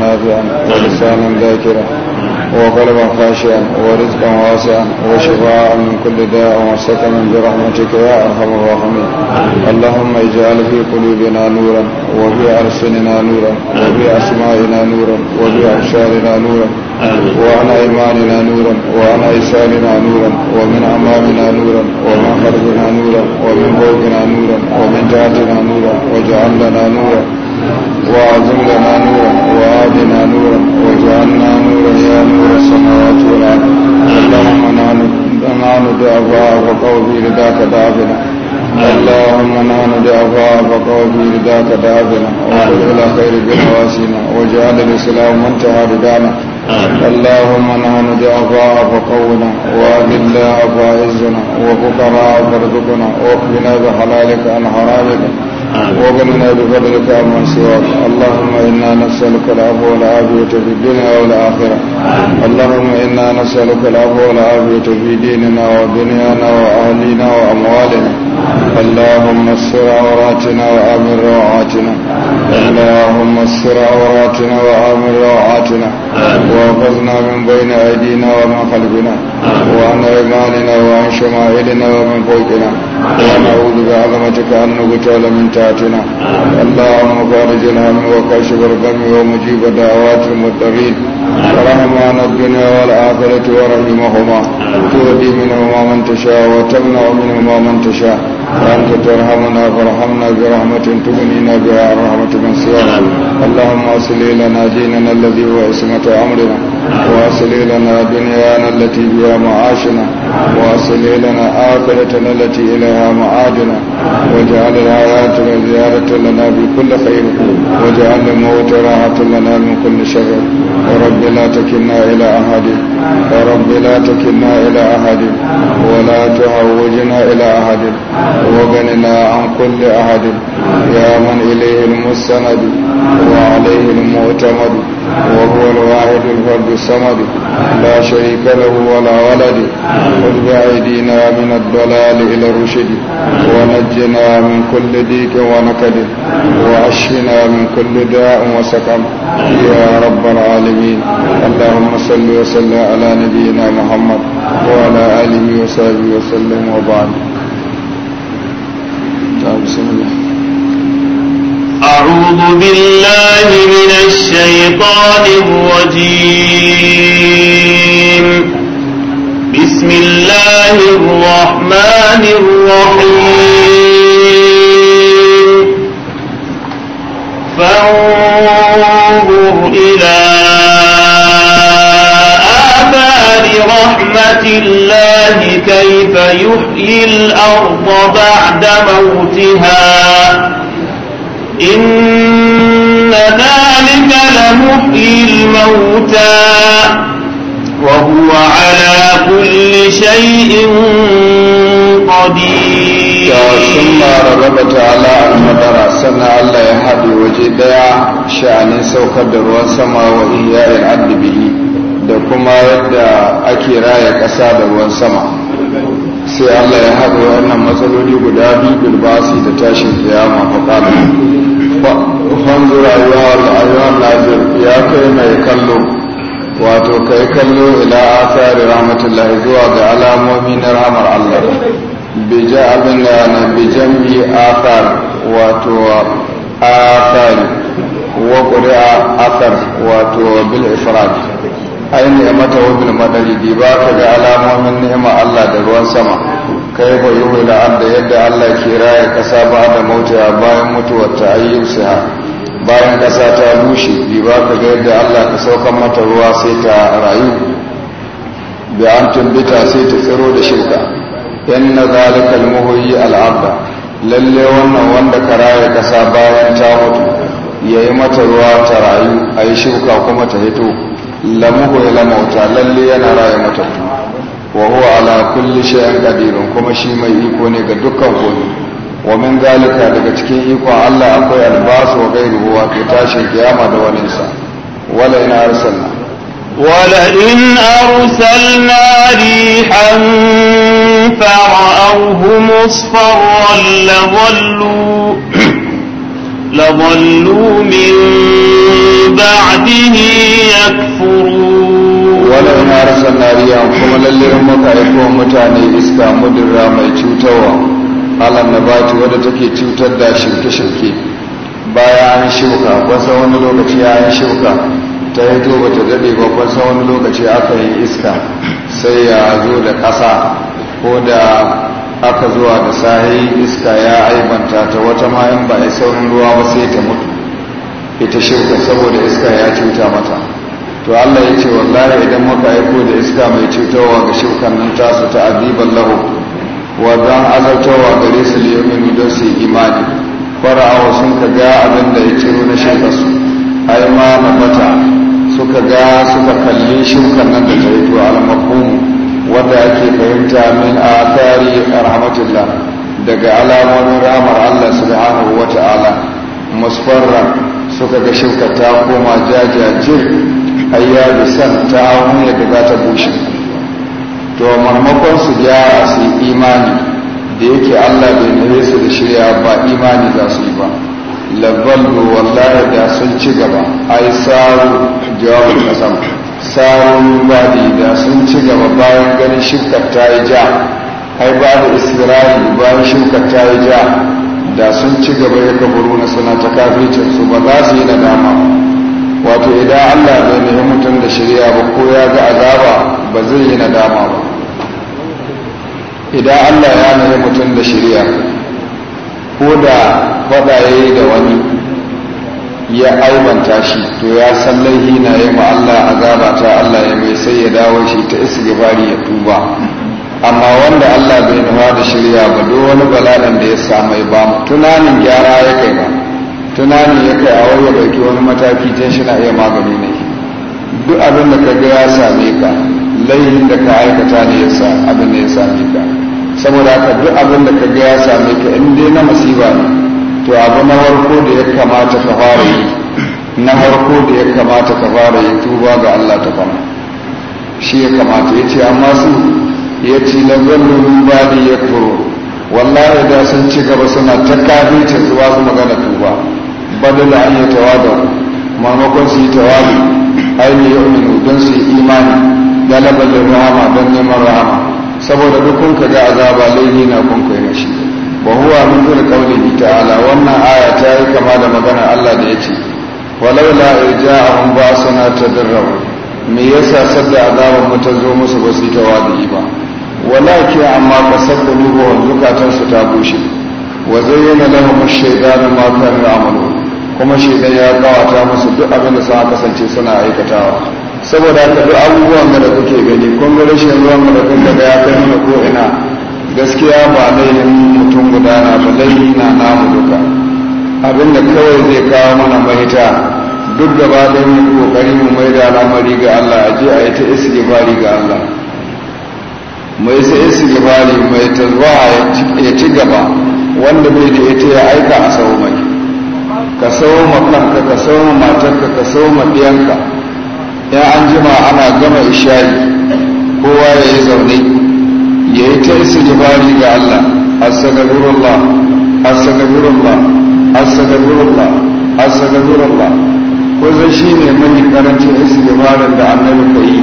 نافعا ولسانا ذاكرا وقلبا خاشعا ورزقا واسعا وشفاء من كل داء وسكنا برحمتك يا ارحم الراحمين اللهم اجعل في قلوبنا نورا وفي ارسلنا نورا وفي اسمائنا نورا وفي ابشارنا نورا وعن ايماننا نورا وعن ايساننا نورا ومن امامنا نورا ومن خلفنا نورا ومن فوقنا نورا ومن تحتنا نورا واجعل لنا نورا وأذلنا نورا وآذنا نورا وجعلنا نورا يا نور السماوات والعالم اللهم نعن بأبواب وقوبي رداك دابنا اللهم نعن بأبواب وقوبي رداك دابنا وقل إلى خير بحواسنا وجعل الإسلام منتهى ردانا اللهم نعن بأبواب وقونا وأذلنا أبواب عزنا وفقنا أبواب رزقنا وقنا بحلالك عن حرامك وبلغنا بفضلك من سواك اللهم انا نسالك العفو والعافيه في الدنيا والاخره اللهم انا نسالك العفو والعافيه في ديننا ودنيانا واهلينا واموالنا اللهم استر عوراتنا وامن روعاتنا اللهم استر عوراتنا وامن روعاتنا واحفظنا من بين ايدينا ومن خلفنا وعن ايماننا وعن شمائلنا ومن فوقنا ونعوذ بعظمتك ان نقتل من تحتنا وبركاتنا اللهم فارج الهم وكاشف الغم ومجيب دعوات المتقين ورحمان الدنيا والآخرة ورحمهما تهدي منهما من تشاء وتمنع منهما من تشاء وأنت ترحمنا فارحمنا برحمة تغنينا بها رحمة من سواك اللهم أصل لنا ديننا الذي هو عصمة أمرنا وأصل لنا دنيانا التي بها معاشنا وأصل لنا آخرتنا التي إليها معادنا واجعل الحياة زيارة لنا بكل خير وجراحة راحة لنا من كل شر ورب لا تكلنا إلى أحد ورب لا تكلنا إلى أحد ولا تهوجنا إلى أحد وغننا عن كل أحد يا من إليه المستند وعليه المعتمد وهو الواحد الفرد الصمد لا شريك له ولا ولد خذ بأيدينا من الضلال إلى الرشد ونجنا من كل ديك ونكد وعشنا من كل داء وسقم يا رب العالمين اللهم صل وسلم على نبينا محمد وعلى آله وصحبه وسلم وبعد طيب، بسم الله أعوذ بالله من الشيطان الرجيم بسم الله الرحمن الرحيم فانظر إلى آثار رحمة الله كيف يحيي الأرض بعد موتها إن ذلك لمحيي الموتى وهو على كل شيء قدير ثم ربك على المدرة سنة الله يهدي وجدا شأن سوك سما به da kuma yadda ake raya ƙasa da ruwan sama sai Allah ya haɗa wannan matsaloli guda biyu bilbasi da tashin kiyama faɗaɗa fanzu rayuwa da ayyuan lajir ya kai mai kallo wato kai kallo ila asari rahmatullahi zuwa ga alamomi na rahmar Allah bija abin da na bijan bi asar wato asari wa ƙuri'a asar wato bil ifrad ayin mata wa madari di ba ka ga alamomin ni'ima Allah da ruwan sama kai ba yi wula da yadda Allah ke raya kasa ba da mauta bayan mutuwar ta ayyusa bayan kasa ta bushe di ba ka ga yadda Allah ka saukan mata ruwa sai ta rayu bi an tumbita sai ta tsiro da shirka yan zalika al-muhyi lalle wannan wanda ka raya kasa bayan ta mutu yayi mata ruwa ta rayu ayi shirka kuma ta hito lamuhu ila mauta lalle yana raya matattu wa huwa ala kulli shay'in qadir kuma shi mai iko ne ga dukkan komai wa min zalika daga cikin ikon Allah akwai albasu wa gairuhu wa tashin kiyama da waninsa wala in arsalna ولئن أرسلنا ريحا فرأوه مصفرا wallu. لظلوا من بعده يكفرون ولو ما رسلنا رياح كما للي أمك أيقوم متاني إسكا مدرا تشوتوا على النبات ودتكي تشوتر دا شركة بايا عن شوكا shuka kwasa wani lokaci ya yi shuka ta yi ba ta daɗe ba kwasa wani lokaci aka yi iska sai ya zo da ƙasa ko da Aka zuwa da sahi iska ya aibanta ta wata ma in ba a saurin ruwa ba sai ta mutu ita shirka saboda iska ya cuta mata to Allah ya ce wallahi idan muka aiko da iska mai cutarwa ga shirkan nan tasu ta lahu wa dan azartawa gare su liyaminu don su imani fara'awa sun ka ga abin da ya ciro na shirka su ai ma Mata, suka ga suka kalli shirkan nan da ta yi to al wanda yake ta min athari rahmatullah daga alamomin ramar Allah subhanahu wata ala musfarra suka ga shirka ta koma jajajir ayya san ta hanyar da za ta bushe to marmakon su gyara su imani da yake Allah bai nuna su da shirya ba imani za su yi ba labbalu wallahi da sun ci gaba ai saru jawabin sama. sarin badi da sun ci gaba bayan ganin shirkar ta yi ja ai da isra'i bayan shirkar ta yi ja da sun ci gaba ya kaburu na suna ta kafircin su ba za su yi nadama wato idan allah bai nemi mutum da shirya ba ko ya ga azaba ba zai yi nadama ba idan allah ya nemi mutum da shirya ko da faɗa ya yi da wani ya aibanta shi to ya san laifi na yi ma Allah azaba ta Allah ya mai sai ya dawo shi ta bari ya tuba amma wanda Allah bai nufa da shirya ba duk wani bala'in da ya samu ba tunanin gyara ya kai ba tunanin ya kai a wani dauki wani mataki tun shi na iya magani ne duk abin da ka ga ya same ka laihin da ka aikata ne ya sa abin da ya same ka saboda haka duk abin da ka ga ya same ka in dai na masiba ne to abu na farko da ya kamata ka fara yi na farko da ya kamata ka fara yi tuba ga Allah ta fana shi ya kamata ya ce amma su ya ci ce ba da ya kuro wallahi da sun ci gaba suna ta kafirce su su magana tuba da an yi tawada maimakon su yi tawali aini yau ne don su yi imani da rahama don neman rahama saboda duk ka ga azaba laifi na kunkwai na shi wa huwa min qawlihi ta'ala wannan aya ta yi kama da maganar Allah da yace walaula irja'ahum ba'sana tadarru me yasa sadda azaban mu ta zo musu ba su tawadi ba walaki amma kasabbu ruwa zukatan su ta bushe wa zayyana lahum ash-shaytanu ma kanu ya'malun kuma shaytan ya kawata musu duk abin da kasance suna aikatawa saboda haka duk abubuwan da kuke gani kun ga rashin ruwan da kuka ga ya kai mana ko ina gaskiya ba laihin mutum guda na ba na namu duka abinda kawai zai kawo mana mahita duk da ba da yi kokari mu mai da lamari ga Allah a je a yi ta istighfari ga Allah mai sa istighfari mai zuwa ya ci gaba wanda bai da ita ya aika a sau mai ka sau ma kanka ka sau ma matarka ka sau ma diyanka ya an jima ana gama ishayi. kowa ya yi zaune ya yi ta istighfari ga Allah astaghfirullah astaghfirullah astaghfirullah astaghfirullah ko zai shine karanci karancin istighfarin da annabi ka yi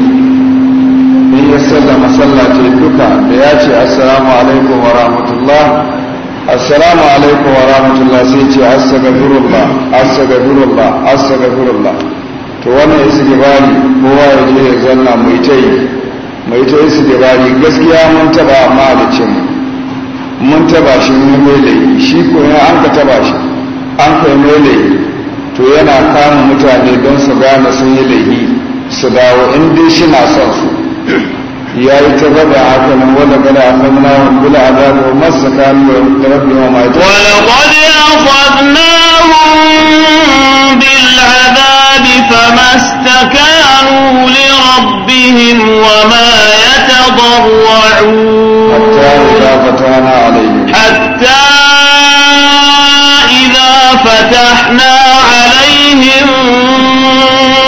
in ya salla sallace duka da ya ce assalamu alaikum wa rahmatullah assalamu alaikum wa rahmatullah sai ce astaghfirullah astaghfirullah astaghfirullah to wannan istighfari kowa ya je ya zanna mu yi ta yi mai ta su bari, gaskiya mun taba amma da cin mun taba shi mun mele shi ko ya an ka taba shi an kai mele. to yana kama mutane don su gane sun yi laifi su dawo in dai shi na son su ya yi ta gaba haka nan wanda kada a kan na wani a zaɓa wa masu tsakanin da rabbi wa mai ta wani wani a fadna hun الكتاب فما استكانوا لربهم وما يتضرعون حتى إذا فتحنا عليهم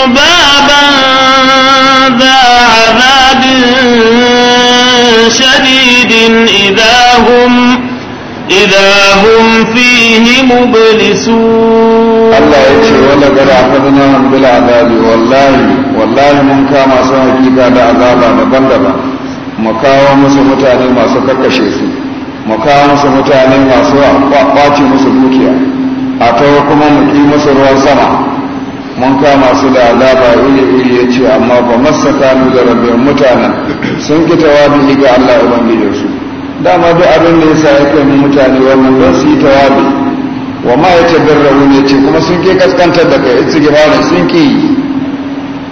بابا ذا عذاب شديد إذا هم, إذا هم فيه مبلسون Allah ya ce wanda gada akadna hum bil azabi wallahi wallahi mun kama su hakika da azaba daban-daban mu kawo musu mutane masu karkashe su mu kawo musu mutane masu kwace musu dukiya a tawo kuma mu ki musu ruwan sama mun kama su da azaba iri-iri ya ce amma ba masaka mu da rabin mutanen sun ki tawabi ga Allah ubangijinsu dama duk abin da ya sa ya kai mutane wannan don su yi tawabi wa ma ya ce birrahu ya ce kuma sun ke kaskantar da kai istighfarin sun ki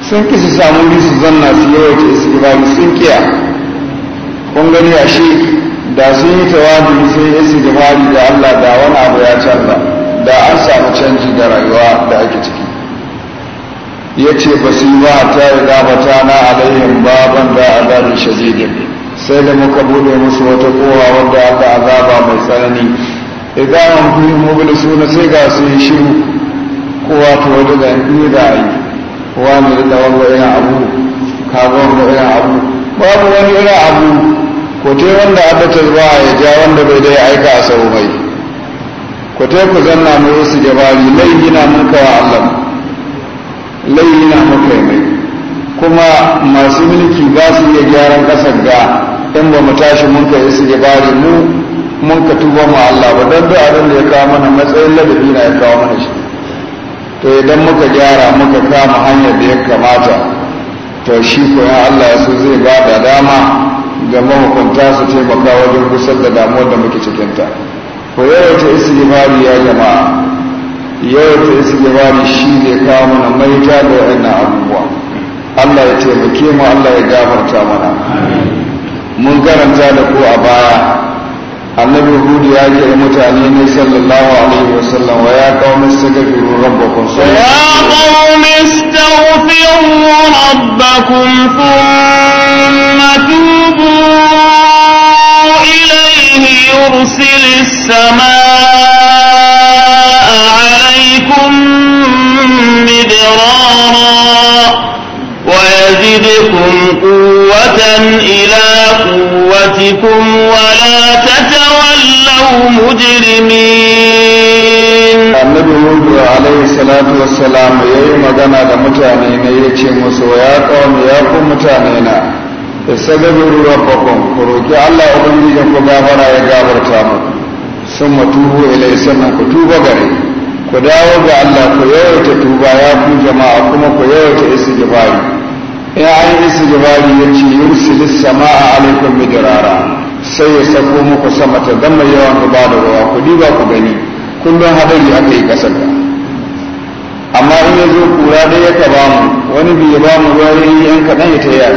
sun ki su samu su zanna su yawaita istighfari sun kiya kun gani a shi da sun yi tawadu sun yi istighfari da Allah da wani abu ya canza da an samu canji da rayuwa da ake ciki ya ce ba su yi ba a ta yi zabata na alayhim baban da a zarin shazidin sai da muka bude musu wata kowa wadda aka azaba mai tsanani idan an fi mublisu sai ga su yi shiru kowa ta wani da ni da yi kowa ne da wanda ya abu kagon da ya abu babu wani irin abu ko te wanda an dace ba ya ja wanda bai dai aika a sau mai ko te ku zanna mu wasu jabari laifi na mun wa Allah laifi na mun mai kuma masu mulki ba su iya gyaran kasar ga in ba mu tashi mun kai su jabari mu mun ka tuba ma Allah ba don duk abin da ya kawo mana matsayin ladabi na ya kawo mana shi to idan muka gyara muka kama hanyar da ya kamata to shi ko Allah ya so zai ba da dama ga mahukunta su taimaka wajen gusar da damuwar da muke cikinta ko isi istighfari ya jama'a isi istighfari shi ne kawo mana maita da waɗannan abubuwa Allah ya taimake mu Allah ya gafarta mana mun karanta da ku a baya annabi hudu ya kira mutane ne sallallahu alaihi wasallam wa ya qaumi istaghfiru rabbakum ya qaumi istaghfiru rabbakum thumma tubu ilayhi yursilis samaa بكم قوة إلى قوتكم ولا تتولوا مجرمين النبي موسى عليه الصلاة والسلام يوم مدنا لمتانين يتي موسى يا قوم يا قوم متانينا ربكم فروكي الله أبنجيكم غفرا يا غابر تامو ثم توبوا إليه سنة كتوبة غريب ku dawo ga Allah ku yawaita tuba ya ku jama'a kuma ku yawaita isi istighfari ya yi istighfari ya ce yursilu samaa alaikum midrara sai ya sako muku sama ta zama yawan ku ba da ruwa ku diba ku gani kullum hadari aka yi kasar da amma in ya zo kura dai ya ba mu wani bai ba mu ruwa ya yi yan kaɗan ya ta yi a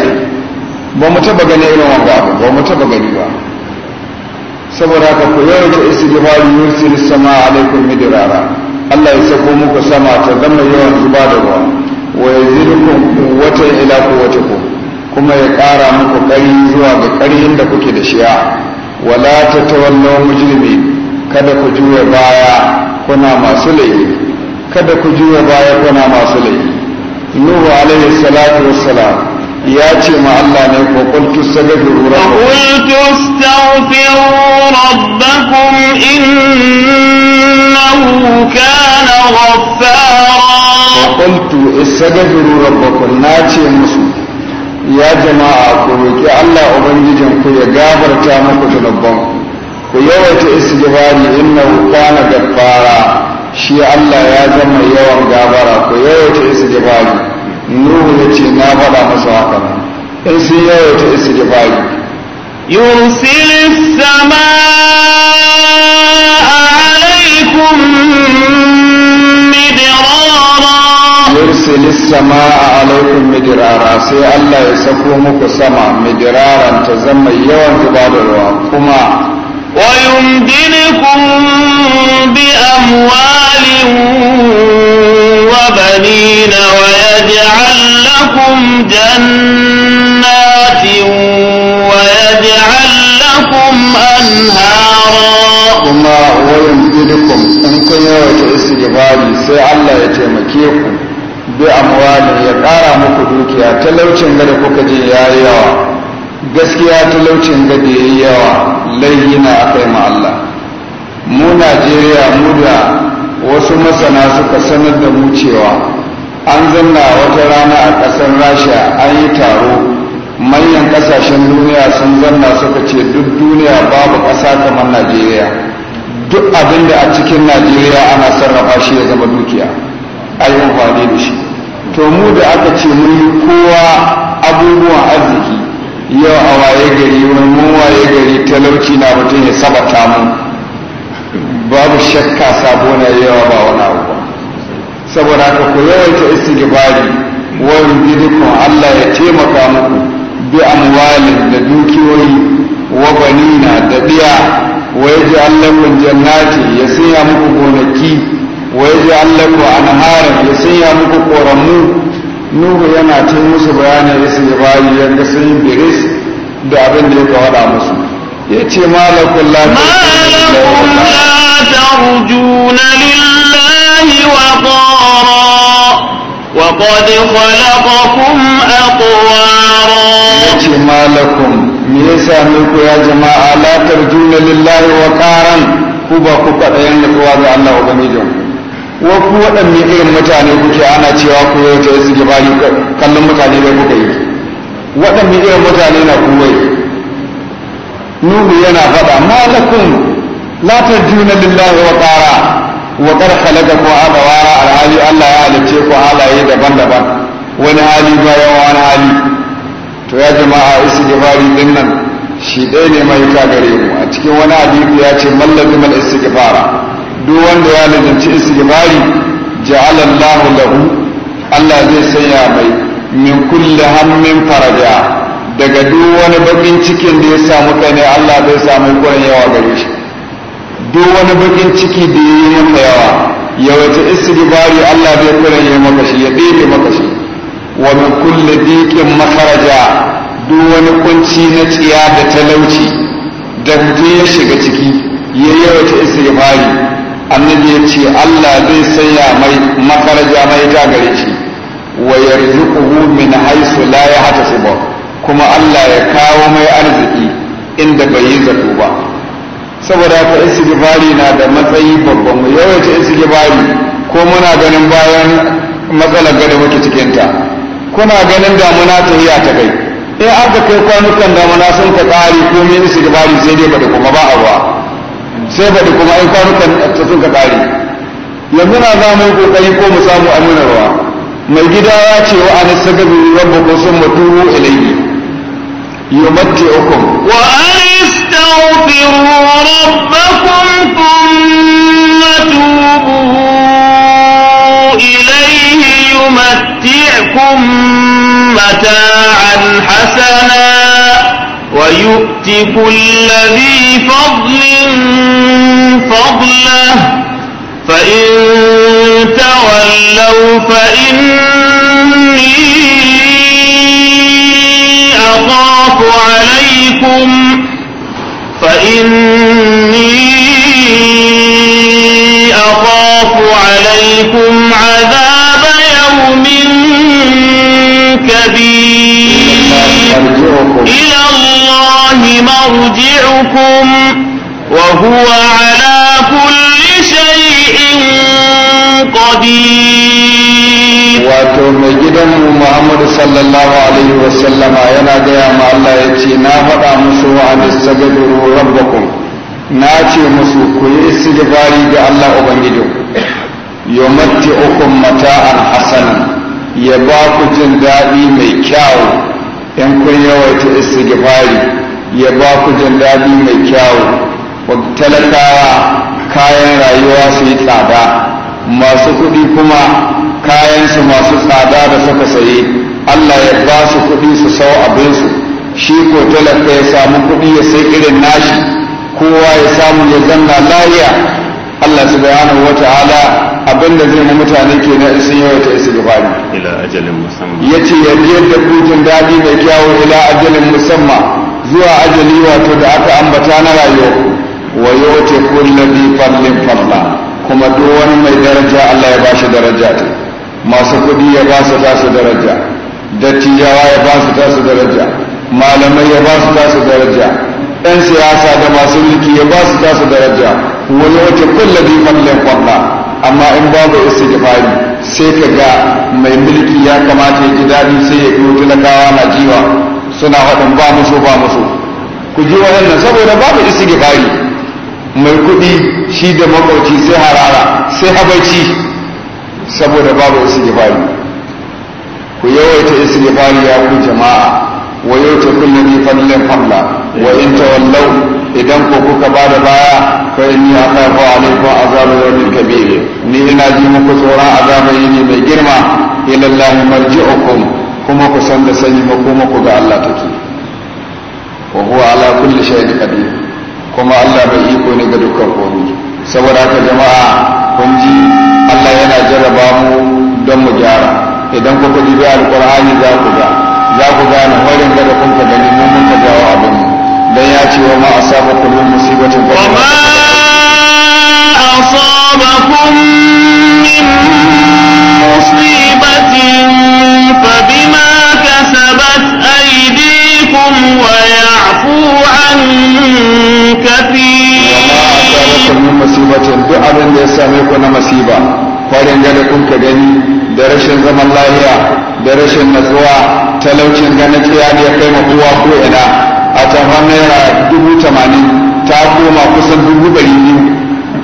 ba mu taba gani irin wanda abu ba mu taba gani ba saboda haka ku yau ta istighfari yursilu samaa alaikum midrara Allah ya sako muku sama ta zama yawan zuba da ruwa wa yazidukum quwwatan ila quwwatikum kuma ya kara muku ƙari zuwa ga karin da kuke da shi shiya wala ta tatawallaw mujrimi kada ku juya baya kuna masu laifi kada ku juya baya kuna masu laifi nuhu alaihi salatu wassalam ya ce ma Allah ne ko qultu astaghfiru rabbakum qultu astaghfiru istaghfiru rabbakum na ce musu ya jama'a ku roki Allah ubangijin ku ya gafarta muku zunuban ku yawaita istighfari innahu kana gaffara shi Allah ya gama yawan gabara ku yawaita istighfari nuhu ya na faɗa musu in sun yawaita يرسل السماء عليكم مدرارا yursilis a alaikum midirara sai Allah ya sako muku sama midiraran ta zama yawan zuba da ruwa kuma wa yumdinukum bi amwalin wa banina wa yaj'al lakum jannatin wa yaj'al lakum anhara kuma wa yumdinukum in kun yawaita istighfari sai Allah ya taimake ku bi amwali ya kara muku dukiya talaucin gada kuka je ya yi yawa gaskiya talaucin gada ya yi yawa layyina a kai ma Allah mu Najeriya mu da wasu masana suka sanar da mu cewa an zanna wata rana a ƙasar rasha an yi taro manyan ƙasashen duniya sun zanna suka ce duk duniya babu ƙasa kamar najeriya duk abin da a cikin najeriya ana sarrafa shi ya zama dukiya a ne da shi to mu da aka ce mun yi kowa abubuwan arziki yau a waye gari wani mun waye gari talauci na mutum ya sabata mu babu shakka sabo na yawa ba wani abu ba saboda haka ku yawaita istighfari wani yumdidukum Allah ya taimaka muku bi amwalin da dukiyoyi wa banina da biya wa yaji Allah kun jannati ya sanya muku gonaki ويجعل لكم أنهارا يسيا muku قرمو nuhu yana cin musu bayanin rasin da bayi yadda sun yi biris da abin da ya kawada musu ya ce malakun lafi وقد خلقكم أطوارا يجي ما لكم ميسا منكم يا جماعة لا ترجون لله وقارا كوبا كوبا أين الله وبنيجون wa ku waɗanne irin mutane kuke ana cewa ku yau ta ke gibari kallon mutane da kuka yi waɗanne irin mutane na kuwai nuhu yana faɗa malakun la tarjuna lillahi wa qara wa qad khalaqakum abawara alhali Allah ya halice ku halaye daban-daban wani hali yawa wani hali to ya jama'a isu gibari din nan shi ɗaya ne mai ka gare mu a cikin wani hadisi ya ce mallazimul istighfara duk wanda ya lazimci istighfari ja'ala Allahu lahu Allah zai sanya mai min kulli hammin faraja daga duk wani bakin cikin da ya samu kai Allah zai samu kuren yawa gare shi duk wani bakin ciki da ya yi maka yawa yawaita istighfari Allah zai kuren yawa maka shi ya dike maka shi wa min kulli dikin makaraja duk wani kunci na tsiya da talauci da mutum ya shiga ciki ya ta istighfari annabi ya ce Allah zai sanya mai makaraja mai ta gare shi wa yarzuquhu min haythu la yahtasib kuma Allah ya kawo mai arziki inda bai yi zato ba saboda ta isgibari na da matsayi babban mu yawaita isgibari ko muna ganin bayan matsalar gada muke cikin ta kuna ganin damuna ta yi ta kai in aka kai kwanukan damuna sun ka tsari ko min sai dai ba da kuma ba a ba. sai ba da kuma in kwanukan sun ka kare yanzu na za mu kokari ko mu samu aminarwa mai gida ya ce wa an sagabi rabbukum summa tubu ilayhi yumatti'ukum wa astaghfiru rabbakum thumma tubu ilayhi yumatti'ukum mata'an hasanan ويؤتي كل ذي فضل فضله فإن تولوا فإني أخاف عليكم فإني أخاف عليكم عذاب يوم كبير إلى الله مرجعكم وهو على كل شيء قدير wato mai gidan mu Muhammadu sallallahu alaihi wasallama yana gaya ma Allah ya ce na faɗa musu wa anistaghfiru rabbakum na ce musu ku yi istighfari ga Allah ubangijinku yumatti'ukum mata'an hasanan ya ba ku jin daɗi mai kyau. in kun yawaita istighfari ya ba ku jin daɗi mai kyawu talakawa kayan rayuwa su yi tsada masu kuɗi kuma kayansu masu tsada da suka saye Allah ya ba su kuɗi su sau abinsu shi ko talaka ya samu kuɗi ya sai irin nashi kowa ya samu ya zanna lahiya Allah subhanahu Ta'ala abinda zai mu mutane ke na isin yau ta isi gabani ila ajalin musamman yace ya biyar da kutun dadi mai kyawu ila ajalin musamman zuwa ajali wato da aka ambata na rayuwa wa yawta kullu bi fadlin fadla kuma duk wani mai daraja Allah ya bashi daraja ta masu kudi ya ba su tasu daraja dattijawa ya ba su tasu daraja malamai ya ba su tasu daraja ɗan siyasa da masu mulki ya ba su tasu daraja wani wace kulla bi fadlin fadla amma in babu fari sai ka ga mai mulki ya kamata ya ji daɗi sai ya biyo talakawa na jiwa suna haɗin ba musu ba musu ku ji waɗannan saboda babu isa fari mai kuɗi shi da makwauci sai harara sai habaici saboda babu isa fari ku yawaita istighfari ya ku jama'a wa ta kulla bi fadlin fadla wa in tawallau idan ku kuka ba da baya fa inni akhafu alaykum azabal yawmin kabir ni ina ji muku tsoron azaba yini mai girma ila Allah marji'ukum kuma ku san da sani makoma ku ga Allah take wa huwa ala kulli shay'in qadir kuma Allah bai iko ne ga dukkan komai saboda haka jama'a kun ji Allah yana jarraba mu don mu gyara idan kuka dubi alqur'ani za ku ga za ku gane warin da kun ka gani mun ka jawo abin mu dan ya ce wa ma asabakum min musibatin fa ma asabakum min musibatin fa bima kasabat aydikum wa ya'fu an kathir min musibatin duk abin da ya same ku na masiba farin da kun ka gani da rashin zaman lafiya da rashin natsuwa talaucin ganin ya kai mutuwa ko ina a tamfan naira dubu tamanin ta koma kusan dubu ɗari biyu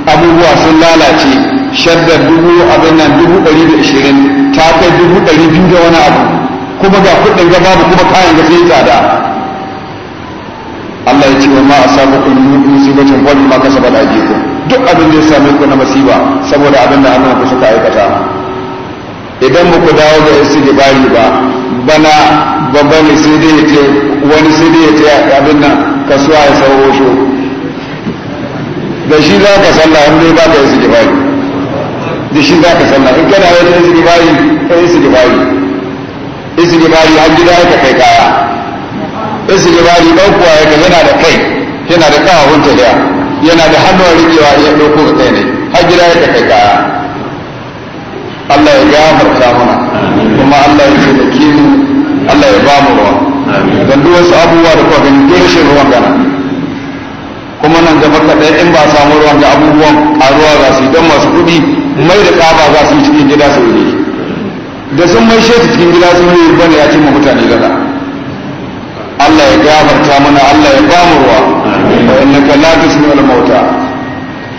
abubuwa sun lalace shaddar dubu abin nan dubu ɗari da ashirin ta kai dubu ɗari biyu da wani abu kuma ga kuɗin ga babu kuma kayan ga sai tsada Allah ya ce wa ma asabu nufin musibatin wal ma kasaba da ajiku duk abin da ya same ku na masiba saboda abin da Allah ku suka aikata idan ba ku dawo ga isi ba bana babban ne sai dai ya wani sai dai ya ce abin nan kasuwa ya sauro shi da shi za ka sallah in dai ba ka yi su gibari da shi za ka sallah in kana yi su gibari ka yi su gibari yi su gibari an gida ya ka kai kaya yi su gibari kuwa ya ka yana da kai yana da hunta da yana da hannun rikewa ya ɗauko ka kai ne har gida ya ka kai kaya Allah ya gafarta mana kuma Allah ya da mu Allah ya ba mu ruwa don duk wasu abubuwa da kuwa gani shi ruwan gana kuma nan gaba kaɗai in ba samu ruwan ga abubuwan ƙaruwa za su yi don masu kuɗi mai da ƙaba za su yi cikin gida su wuri da sun mai shi cikin gida sun yi bane ya cimma mutane gada Allah ya gafarta mana Allah ya ba mu ruwa wa innaka la al mauta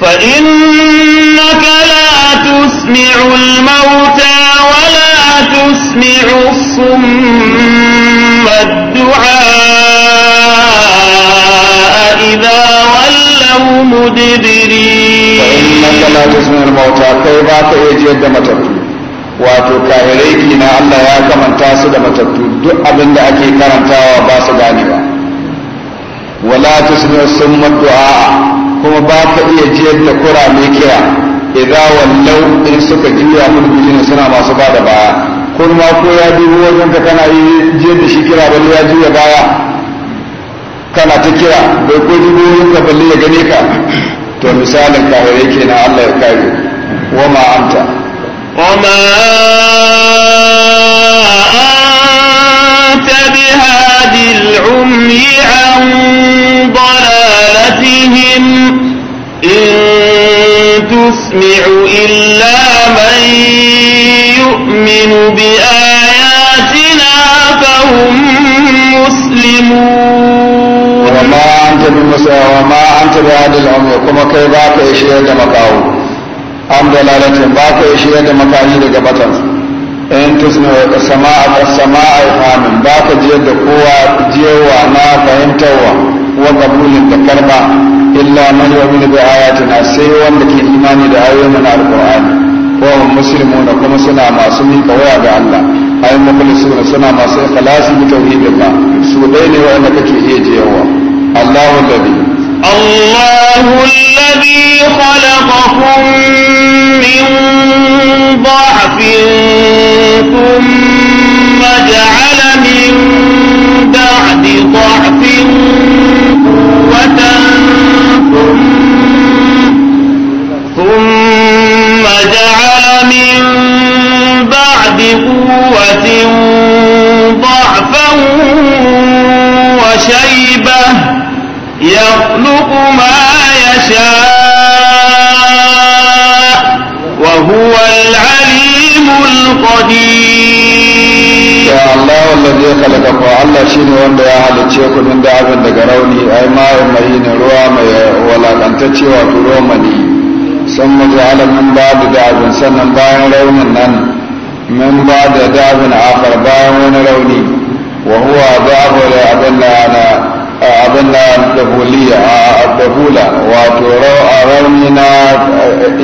فإنك لا تسمع الموتى ولا تسمع الصم الدعاء إذا ولوا مدبرين فإنك لا تسمع الموتى كيف تأجيد متكتو wato kahirai na Allah ya kamanta su da matattu duk abinda ake karantawa ba su ganewa wala tusmi kuma ba ka iya jiyar da kura mai kira idan wallau in suka mun mulkin suna masu ba da baya kun ma ko ya dubo wajen ka kana yi jiyar da shi kira balle ya juya baya kana ta kira bai ko dubo wajen ka balle ya gane ka to misalin yake na Allah ya kare wa ma anta wa ma anta biha بعد العمي عن ضلالتهم إن تسمع إلا من يؤمن بآياتنا فهم مسلمون وما أنت بمسلم وما أنت بعد العمي كما كيباك إشياء دمكاو عن ضلالتهم باك إشياء دمكاو لجبتنسو in tusna sama'a sama'a famin ba ka je da kowa jewa na fahimtarwa wa kabulin da karba illa man yu'minu bi ayatina sai wanda ke imani da ayoyin alqur'ani wa musulmi da kuma suna masu mika waya ga Allah ay mukhlisuna suna masu ikhlasi bi ba su dai ne wanda kake iya jewa Allahu ladhi الله الذي خلقكم من ضعف ثم جعل من بعد ضعف قوة ثم wallazi khalaqa Allah shine wanda ya halice ku din da abin daga rauni ai ma'in mai ne ruwa mai walakantacce wato ruwa mani san maja'ala min ba'd da abin sannan bayan raunin nan min ba'd da abin akhar bayan wani rauni wa huwa da'abu da abin ana abanna dabuliya a dabula wato rauni na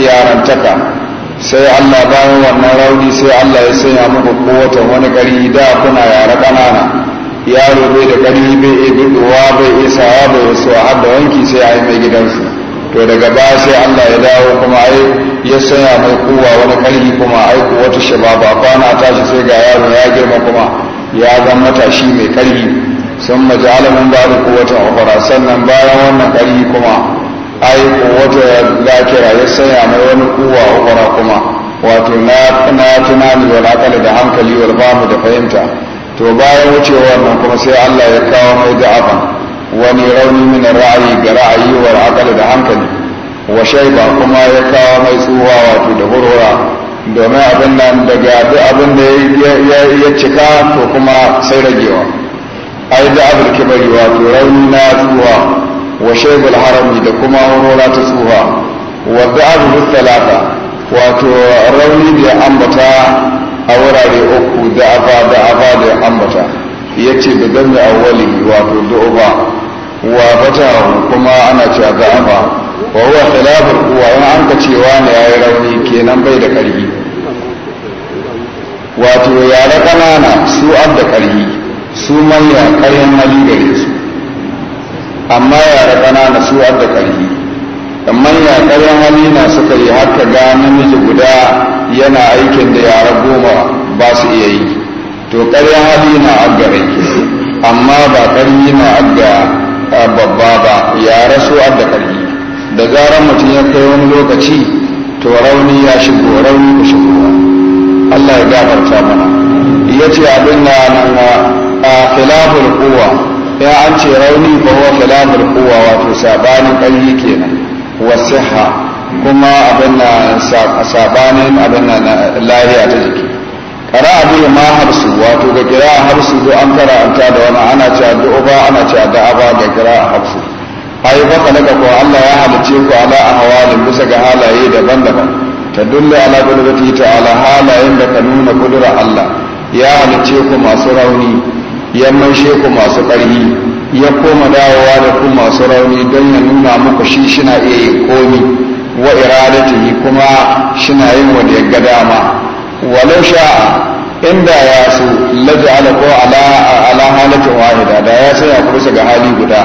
yarantaka sai Allah bayan wannan rauni sai Allah ya sanya muku kowace wani gari da kuna yare ƙanana yaro bai da gari bai iya duduwa bai iya sawa bai wasu a hada wanki sai a yi mai gidansu to daga baya sai Allah ya dawo kuma ai ya sanya mai kowa wani gari kuma ai wata shababa kwana tashi sai ga yaro ya girma kuma ya zama matashi mai ƙarfi sun majalamin ba da kowace sannan bayan wannan ƙarfi kuma ai wata dakira ya sanya mai wani kuwa ukura kuma wato na tunani wal akali da hankali wal bamu da fahimta to bayan wucewar nan kuma sai Allah ya kawo mai da'afan wani rauni min ra'ayi ga ra'ayi wal akali da hankali wa shaiba kuma ya kawo mai tsuwa wato da hurhura domin abin nan daga duk abin da ya cika to kuma sai ragewa ai da abul kibari wato rauni na tsuwa wa shaibul harami da kuma aurora ta tsuha wa da'abu talata wato rauni da ambata a wurare uku da aba da aba da ambata yace da dambe awwali wato du'uba wa bata kuma ana cewa da'aba wa huwa khilafu wa in an ka cewa ne yayi rauni kenan bai da karfi wato yara kanana su adda karfi su manya karyan hali gare su amma ya yara ƙanana su da ƙarfi amma ya ƙarfin hali na suka yi haka ga namiji guda yana aikin da yara goma ba su iya yi to ƙarfin hali na agga rai amma ba ƙarfi na agga babba ba yara su da ƙarfi da zarar mutum ya kai wani lokaci to rauni ya shigo rauni ku shigo Allah ya gafarta mana ya ce abin da nan a khilafin kowa ya an ce rauni ba huwa kalamul quwwa wato sabanin ƙarfi kenan wasiha kuma abin na sabanin abin na lariya ta jiki kara abu ma harsu wato ga kira harsu do an karanta da wani ana cewa du'uba ana cewa da'aba ga kira harsu ai ba ka ga ko Allah ya halice ku ala ahwalin bisa ga halaye daban-daban tadullu ala qudratihi ta'ala halayen da ka nuna kudura Allah ya halice ku masu rauni ya sheku ku masu ƙarfi ya koma dawowa da ku masu rauni don ya nuna muku shi shina iya yin komi wa iradatu kuma shina yin wani ya ga dama walau sha'a inda ya su laji ala ko ala halatu wahida da ya sai ya kursa ga hali guda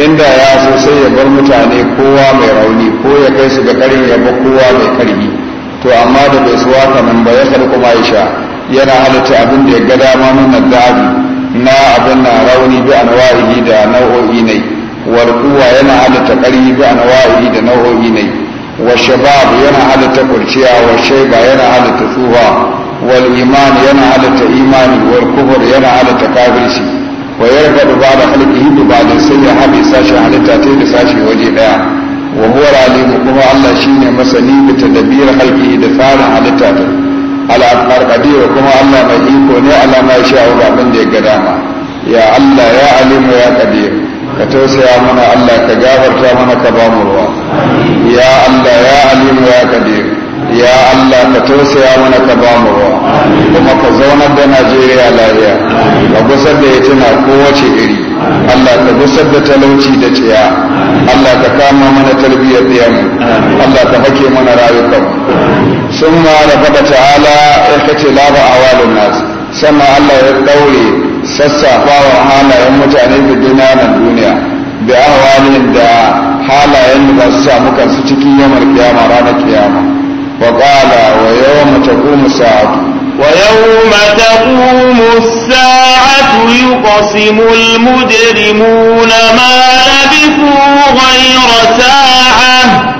inda ya su sai ya bar mutane kowa mai rauni ko ya kai su ga ƙarin ya bar kowa mai ƙarfi to amma da bai suwa nan ba ya kuma ya sha yana halatta abin da ya ga dama nuna dabi na abin na rauni bi anwa'ihi da nau'o'i ne Warkuwa yana halitta ƙarfi bi anwa'ihi da nau'o'i ne wa shabab yana halitta kurciya wa shaiba yana halitta tsufa wal iman yana halitta imani wal kufur yana halitta kafirci wa yarda ba da halqihi bi ba da sai ya haɗe sashen halitta ta da sashi waje ɗaya? wa huwa alimu kuma Allah shine masani bi dabi'ar halki da tsarin halitta ta al'arƙadiyo kuma Allah mai iko ne alama ya sha wa abin da ya ga dama ya Allah ya alimu ya Kadir ka tausaya mana Allah ka gafarta mana ka ba mu ruwa ya Allah ya alimu ya Kadir ya Allah ka tausaya mana ka ba mu ruwa kuma ka zaunar da Najeriya lafiya ka gusar da ya tuna kowace iri Allah ka gusar da talauci da ciya Allah ka kama mana tarbiyyar yamma Allah ka hake mana rayukanmu ثم رفض تعالى اختلاف أحوال الناس ثم الله الدوري سسا فاو حالا يمتعني في الدنيا بأحوالهم الدعاء حالا ينبسا مكان ستكي يوم القيامة رانا قيامة وقال ويوم تقوم الساعة ويوم تقوم الساعة يقسم المجرمون ما لبثوا غير ساعة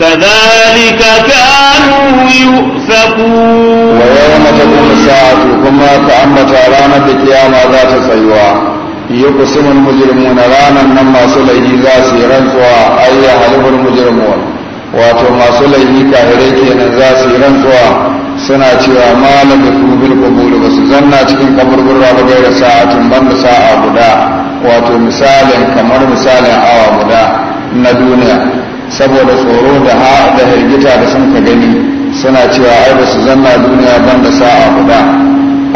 كذلك كانوا يؤفكون ويوم تقوم الساعة كما تأمت رانا القيامة ذات سيوا يقسم المجرمون رانا نما سليه ذات رنسوا أي يحلف المجرمون wato masu laifi kafirai kenan za su yi rantsuwa suna cewa malam da kubil kubur ba su zanna cikin kaburbura ba gaira sa'atin banda sa'a guda wato misalin kamar misalin awa guda na duniya saboda tsoro da ha da hirgita da sun ka gani suna cewa ai ba su zanna duniya ban da sa'a guda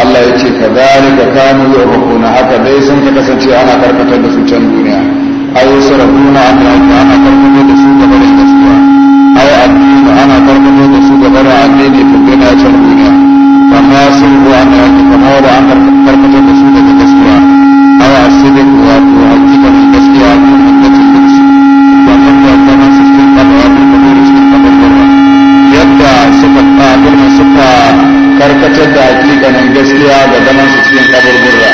Allah ya ce ka ka kanu yuhquna haka dai sun ka kasance ana karkatar da su can duniya ai sarafuna an haka ana karkatar da su gaba da gaskiya ai addini ana karkatar da su gaba da addini to gina can duniya amma sun ruwa na yaki kamar da an karkatar da su daga gaskiya ai a asibi wato hakikatan karkatar da hakikanin gaskiya ga ganin su cikin kaburbura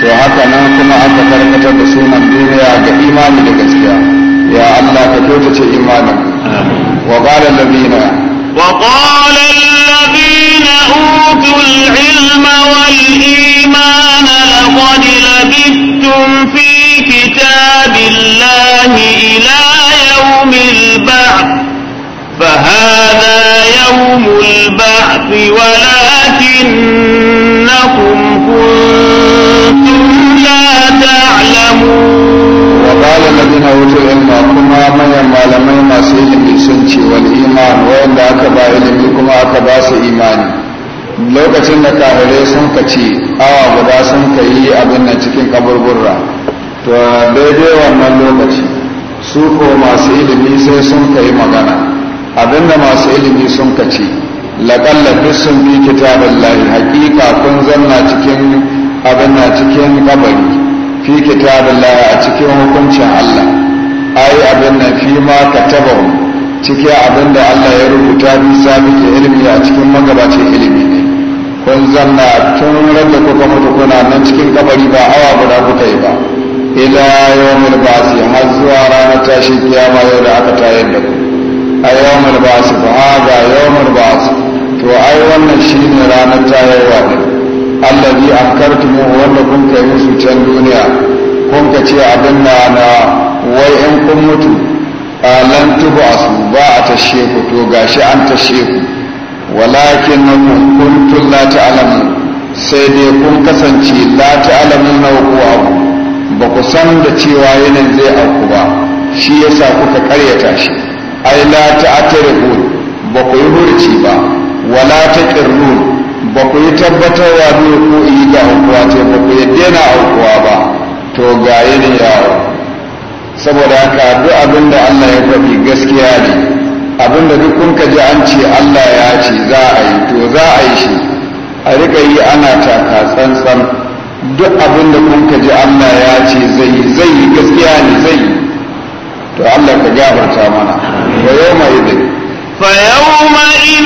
to haka nan kuma aka karkatar da sunan duniya ga imani da gaskiya ya Allah ka kyautace imanin wa qala allazina wa qala allazina utul ilma wal imana laqad labithtum fi kitabillahi ila الحق ولكنكم كنتم لا تعلمون وقال الذين أوتوا العلم كما من malamai masu ilimi sun ce wal iman wanda aka ba ilimi kuma aka lokacin da kafirai sun kaci awa guda sun ka yi abin nan cikin kaburburra to daidai wannan lokaci su ko masu ilimi sai sun ka yi magana abin da masu ilimi sun kace laƙalla fisun bi kitabin lahi haƙiƙa kun zanna cikin abin na cikin kabari fi kitabin lahi a cikin hukuncin Allah ai abin nan fi ma katabahu cikin abin da Allah ya rubuta bi sabiki ilimi a cikin magabacin ilimi ne kun zanna tun da kuka mutu kuna nan cikin kabari ba awa guda kuka yi ba ila yawon ba'si har zuwa ranar tashin kiyama yau da aka tayar da ku a yawmil ba'si fa hada yawon ba'si to ai wannan shi ne ranar tayarwa allazi mu wanda kun kai musu can duniya kun ka ce abin na na wai in kun mutu lan tub'asu ba a tashe ku to gashi an tashe ku walakin tulla ta alamu, sai dai kun kasance la alamu na ku abu ba ku san da cewa yanin zai auku ba shi yasa kuka karyata shi ai la ta'tarifu ba ku yi hurci ba wala ta ƙirru ba ku yi tabbatarwa biyu ko yi ga aukuwa ce ba ku yi daina aukuwa ba to ga yin yawo saboda haka duk abin da Allah ya faɗi gaskiya ne abin da duk kun ka ji an ce Allah ya ce za a yi to za a yi shi a riƙa yi ana taka tsantsan duk abin da kun ka ji Allah ya ce zai yi zai yi gaskiya ne zai yi to Allah ka gafarta mana ba yau mai dai. fa yau mai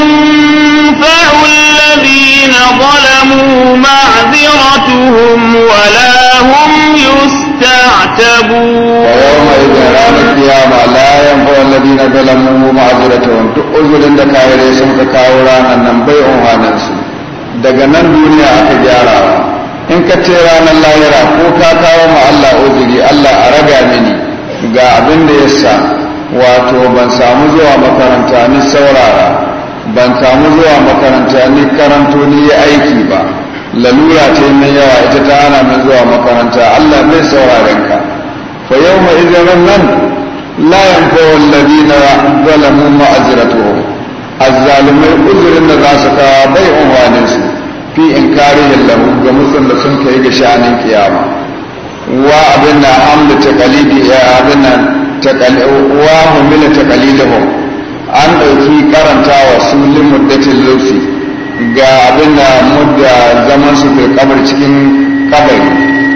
تنفع الذين ظلموا معذرتهم ولا هم يستعتبون يوم إذن القيامة لا ينفع الذين ظلموا معذرتهم تؤذن لك يا سنك كاورانا نبيعها نفسي daga nan duniya aka gyara in ka ce ranar lahira ko ka kawo ma Allah uzuri Allah a raga mini ga abin da ya sa wato ban samu zuwa makaranta ni saurara ban samu zuwa makaranta ni karanto ni yi aiki ba lalura ce mai yawa ita ta hana min zuwa makaranta Allah mai sauraren ka fa yau ma idan nan la yanfa walladina zalamu ma'azratuhum azzalimai uzurin da za su kawo bai unwanin su fi kare lahu ga musun da sun kai ga sha'anin kiyama wa abin na hamdu taqalidi ya eh, abin nan wa humila taqalidahum an ɗauki karantawa su limuddatin lufi ga abin da mudda zaman su bai kabar cikin kabari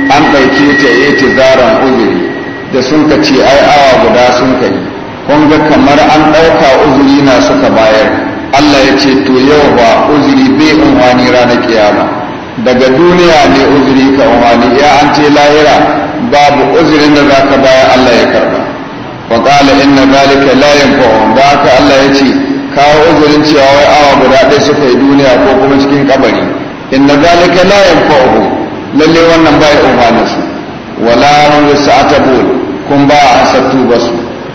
an ɗauke ta yi tizaran uzuri da sun ka ce ai awa guda sun ka yi kun ga kamar an ɗauka uzuri na suka bayar Allah ya ce to yau ba uzuri bai umarni ranar kiyama daga duniya ne uzuri ka umarni ya an ce lahira babu uzurin da za ka bayar Allah ya karba wa qala inna zalika la yanfa'u da haka Allah ya ce kawo uzurin cewa wai awa guda ɗaya suka yi duniya ko kuma cikin kabari inna zalika la yanfa'u lalle wannan bai umfana su wala yus'atabun kun ba a sattu ba su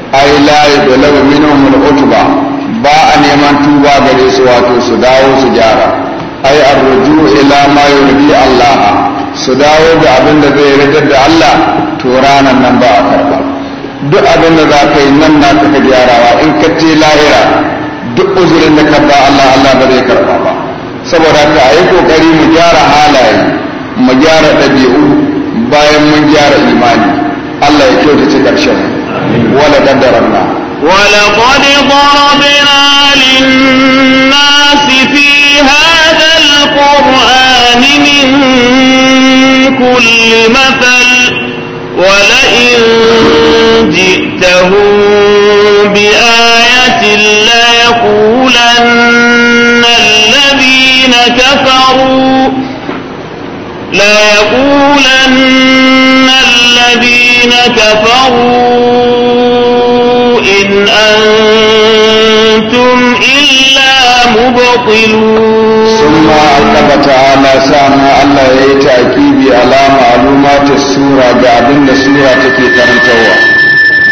la yadlabu minhum al-utba ba a neman tuba gare su wato su dawo su gyara ai arruju ila ma yurdi Allah su dawo da abin da zai rigar da Allah to ranan nan ba a karba duk abin da za ka yi nan na ka gyarawa in ka ce lahira duk uzurin da ka ba Allah Allah ba zai karba ba saboda ka yi kokari mu gyara halaye mu gyara ɗabi'u bayan mun gyara imani Allah ya kyautace ƙarshen wala kaddaran na ولقد ضربنا للناس في هذا القرآن min كل مثل ولئن جئتهم بآية ليقولن الذين كفروا ليقولن الذين كفروا إن أنتم إلا مبطلون ثم الله تعالى سامع الله يتأكيد aiki alama alumata sura ga abin da sura take karantarwa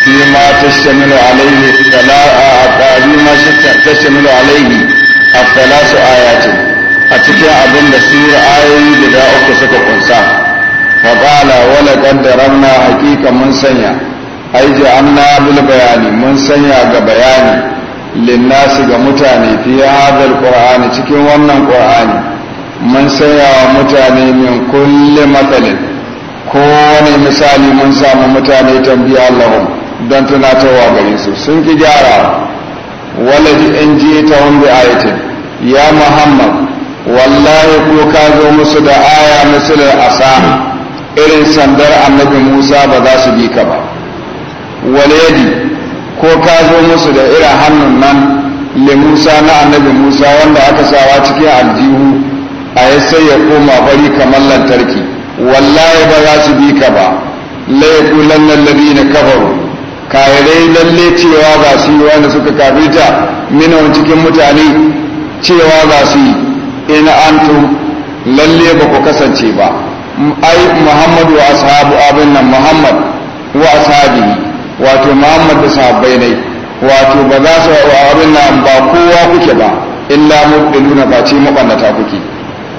fi ma tashamilu alaihi tala'a aqabi ma tashamilu alaihi afalasu ayatin a cikin abin da sura ayoyi guda uku suka kunsa fa qala wala qad daramna haqiqa mun sanya ai ja'alna bil bayani mun sanya ga bayani linnasi ga mutane fi hadha al cikin wannan qur'ani mun sayawa mutane min kulle matsalin kowane misali mun samu mutane tambiya lahum don tunatarwa gare su sun ki gyara wala ji in ji ta wanda ayatin ya muhammad wallahi ko ka zo musu da aya misalin asa irin sandar annabi musa ba za su bi ka ba waledi ko ka zo musu da irin hannun nan le musa na annabi musa wanda aka sawa sai ya koma bari kamar lantarki wallahi ba za su bi ka ba laifu lannan ladina kafaru kayarai lalle cewa za su yi wanda suka kafirta minan cikin mutane cewa za su yi ina antum lalle ba ku kasance ba ai muhammadu wa ashabu abin nan muhammad wa ashabihi wato muhammad da sahabbai ne wato ba za su wa abin nan ba kowa kuke ba illa mubdiluna ba ce mabannata kuke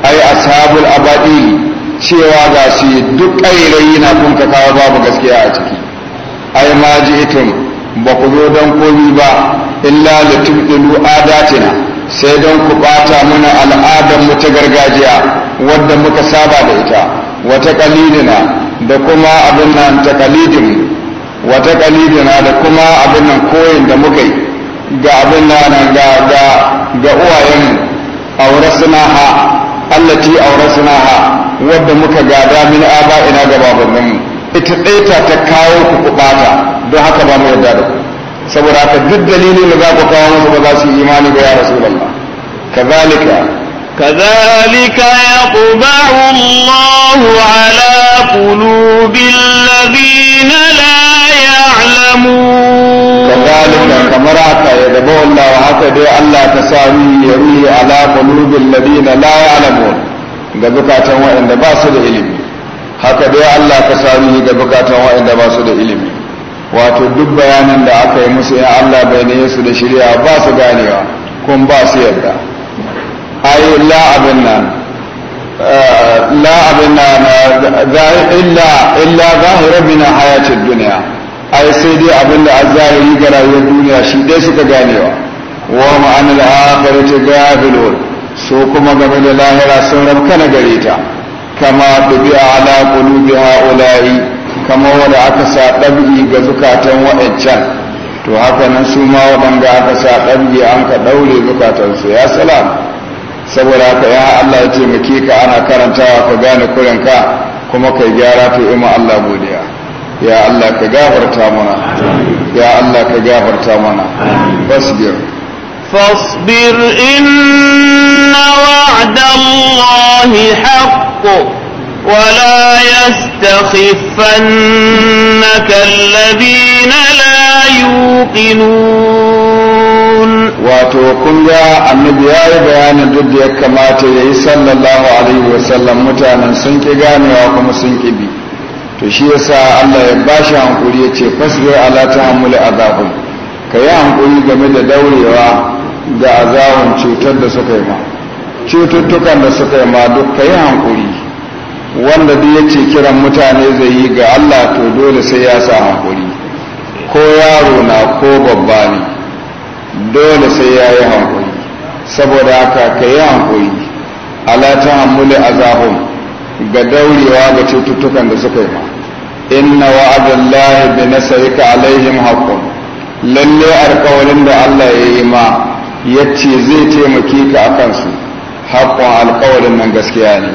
ai ashabul abadi cewa ga shi duk ƙairayi na kun kawo babu gaskiya a ciki ai ma ji'tum ba ku zo don komi ba illa da tubdilu adatina sai don ku ɓata mana al'adar mu ta gargajiya wadda muka saba da ita wata kalidina da kuma abin nan ta kalidin wata kalidina da kuma abin nan koyin da muka yi ga abin nan ga ga ga uwayen aure suna allati aurasnaha wadda muka gada min ina ga babanninmu ita ɗaita ta kawo ku kubata don haka ba mu yarda da ku saboda haka duk dalilin da za ku kawo musu ba za su yi imani ba ya rasulullah kazalika كذلك يطبع الله على قلوب الذين لا يعلمون كذلك كما رأت يدبو الله وحسد الله تساوي يروي على قلوب الذين لا يعلمون ga bukatan waɗanda ba su da ilimi haka dai Allah ka sami ga bukatan ba su da ilimi wato duk bayanin da aka yi musu in Allah bai ne su da shirya ba su ganewa kun ba su yarda ai la abin nan la abin nan illa illa zahira min hayatid dunya ai sai dai abin da ga rayuwar duniya shi dai suka ganewa wa ma'anil akhirati ghafilun so kuma game da lahira sun rabkana gare ta kama dubi'a ala qulubi ha'ula'i kama wanda aka sa dabi ga zukatan wa'ancan to haka nan su ma wadanda aka sa dabi an ka daure zukatansu ya salam saboda haka ya Allah ya taimake ka ana karantawa ka gane kurinka kuma ka gyara to ima Allah godiya ya Allah ka gafarta mana ya Allah ka gafarta mana fasbir fasbir inna wa'da Allah haqqo ولا يستخفنك الذين لا يوقنون wato kun ga annabi ya yi bayanin duk da ya kamata ya yi sallallahu alaihi wa sallam mutanen sun ki ganewa kuma sun ki bi to shi yasa Allah ya bashi hankuri ya ce fasbir ala tahammul azabun ka yi hankuri game da daurewa da azabun cutar da suka yi ma cututtukan da suka yi ma duk ka yi hankuri wanda duk ya kiran mutane zai yi ga Allah to dole sai ya sa hankuri ko yaro na ko babba ne dole sai ya yi hankuri saboda haka ka yi hankuri alatan hamuli a zafin. ga daurewa ga cututtukan da suka yi ma inna wa wa'adallahi bi nasarika alaihim haqqun lalle alƙawarin da Allah ya yi ma yace zai taimaki ka a kansu. haqqun alƙawarin nan gaskiya ne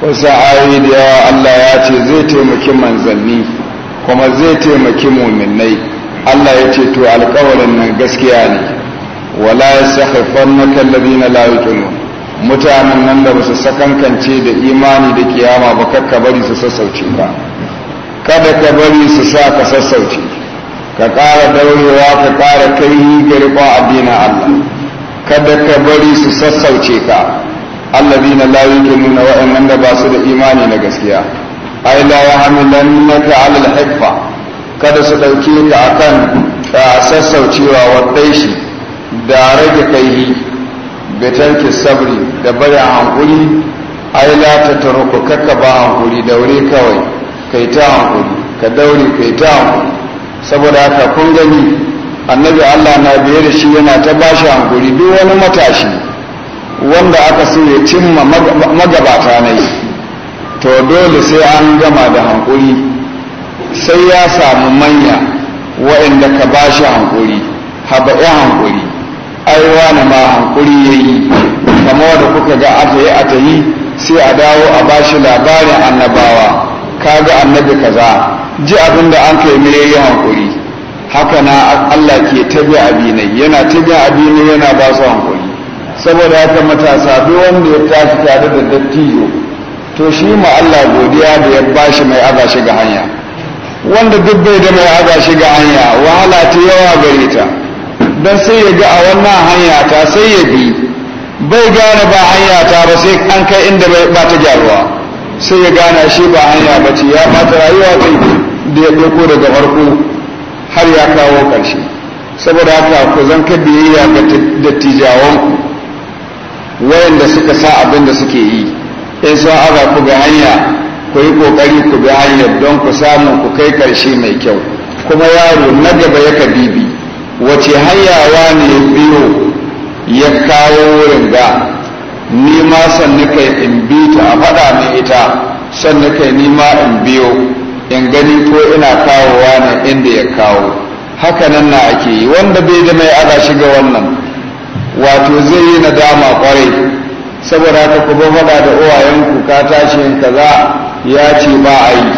kusa ayi da yawa Allah ya ce zai taimaki manzanni kuma zai taimaki muminai Allah ya ce to alƙawarin nan gaskiya ne wala ya yastakhifannaka alladhina la yuqinun mutanen nan da ba su sakankance da imani da kiyama ba kakka bari su sassauce ba kada ka bari su sa ka sassauce ka ƙara daurewa ka ƙara kai yi riƙon addinin Allah kada ka bari su sassauce ka Allah alladhina la yuqinuna waɗannan da ba su da imani na gaskiya ai la nuna 'ala al haifa. kada su ɗauke ka akan sassaucewa wadai shi da rage kaihi ki sabri da bari a hankuli ai la ta taruku kakka ba hankuli daure kawai kai ta hankuli ka daure kai ta saboda haka kun gani annabi allah na biye da shi yana ta bashi hankuli duk wani matashi wanda aka so ya cimma magabata na to dole sai an gama da hankuli sai ya samu manya waɗanda ka ba shi hankuri haɓa hankuri aiwa na ma hankuri ya yi kama wadda kuka ga aka yi a yi sai a dawo a ba shi labarin annabawa kaga annabi kaza ji abin da an kai mai yi hankuri haka na Allah ke tabi abinai yana tabi abinai yana ba su hankuri saboda haka matasa duk wanda ya tashi tare da dattijo to shi ma Allah godiya da ya bashi mai aza shi ga hanya wanda duk bai da mai haza shi ga hanya wahala ta yawa gare ta don sai ya ga a wannan hanya ta sai ya bi bai gane ba hanya ta ba sai an kai inda ba bata gyaruwa sai ya gane shi ba hanya ba ce ya bata rayuwa kai da ya ɗauko daga farko har ya kawo ƙarshe saboda haka ku zan ka biyayya ga wayanda suka sa abin da suke yi in sun aga ku ga hanya ku yi kokari ku bi hanyar don ku samu ku kai karshe mai kyau kuma yaro na gaba ya ka bibi wace hanyawa ne biyo ya kawo wurin ga ni ma sannu kai in bi ta a faɗa mai ita sannu kai ni ma in biyo in gani ko ina kawowa na inda ya kawo haka nan na ake yi wanda bai da mai aga shiga wannan wato zai yi nadama kwarai saboda haka ku ba faɗa da uwayenku ka tashi kaza ya ce ba a yi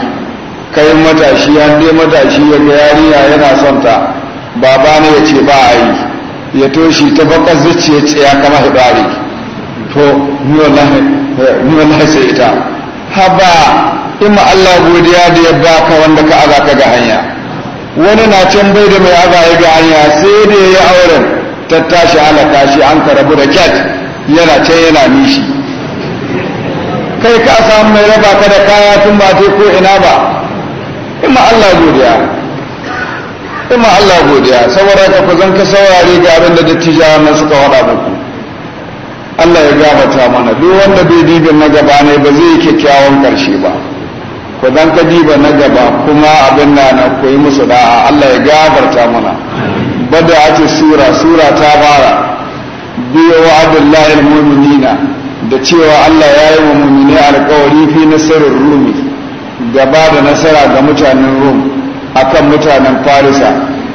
kai matashi hande matashi ya ga yariya yana son ta baba ne ya ce ba a yi ya toshi ta bakar zuciya ya kama hibari to ni wallahi sai ita haba ima Allah godiya da ya baka wanda ka aza ka ga hanya wani na can bai da mai aza ya ga hanya sai da ya yi auren tattashi alaka shi an karabu da kyat yana can yana nishi kai ka samu mai raba ka da kaya tun ba ce ko ina ba ima Allah godiya ima Allah godiya saboda ka kuzan ka saurare ga abin da dattijawa nan suka faɗa muku Allah ya gabata mana duk wanda bai dibin na gaba ne ba zai yi kyakkyawan karshe ba ku zan ka diba na gaba kuma abin na na ku yi musu da'a Allah ya gabata mana bada ce sura sura ta fara biyo wa'adullahi al-mu'minina da cewa Allah ya yi wa mummune alkawari fi nasarar rumi gaba da nasara ga mutanen rum a kan mutanen farisa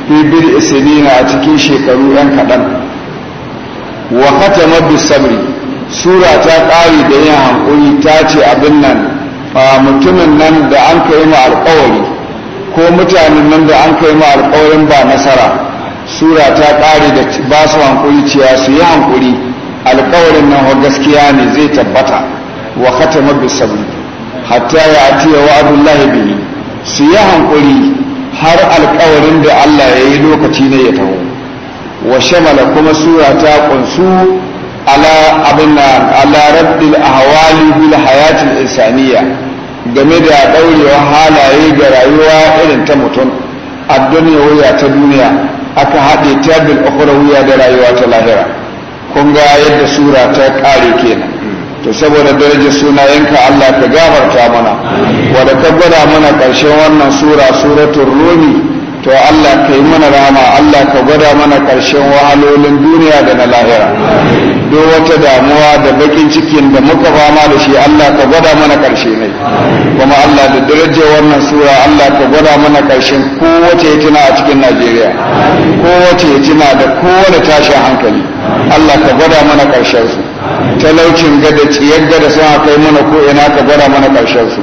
fi bir isinina a cikin shekaru yan kaɗan wa hatama sabri sura ta ƙari da yin hankuri ta ce abin nan a mutumin nan da an kai ma alkawari ko mutanen nan da an kai ma alkawarin ba nasara sura ta ƙari da ba su hankuri cewa su yi hankuri alkawarin nan wa gaskiya ne zai tabbata wa khatama bi sabri hatta ya atiya wa Abdullahi bihi su yi hankuri har alkawarin da Allah ya yi lokaci ne ya taho wa shamala kuma sura ta kunsu ala abin ala rabbil ahwali bil hayatil insaniya game da daurewa halaye ga rayuwa irin ta mutum a duniya ta duniya aka haɗe ta bil wuya da rayuwa ta lahira kun ga yadda sura ta kare kenan to saboda darajar sunayenka Allah ka gafarta mana da ka gwada mana ƙarshen wannan sura suratul rumi to Allah ka yi mana rama Allah ka gwada mana karshen wahalolin duniya da na lahira duk wata damuwa da bakin cikin da muka fama da shi Allah ka gwada mana karshe mai kuma Allah da darajar wannan sura Allah ka gwada mana karshen kowace yatina a cikin Najeriya kowace yatina da kowane tashin hankali Allah ka gwada mana karshen su talaucin gada ciyar gada sun kai mana ko ina ka gwada mana karshen su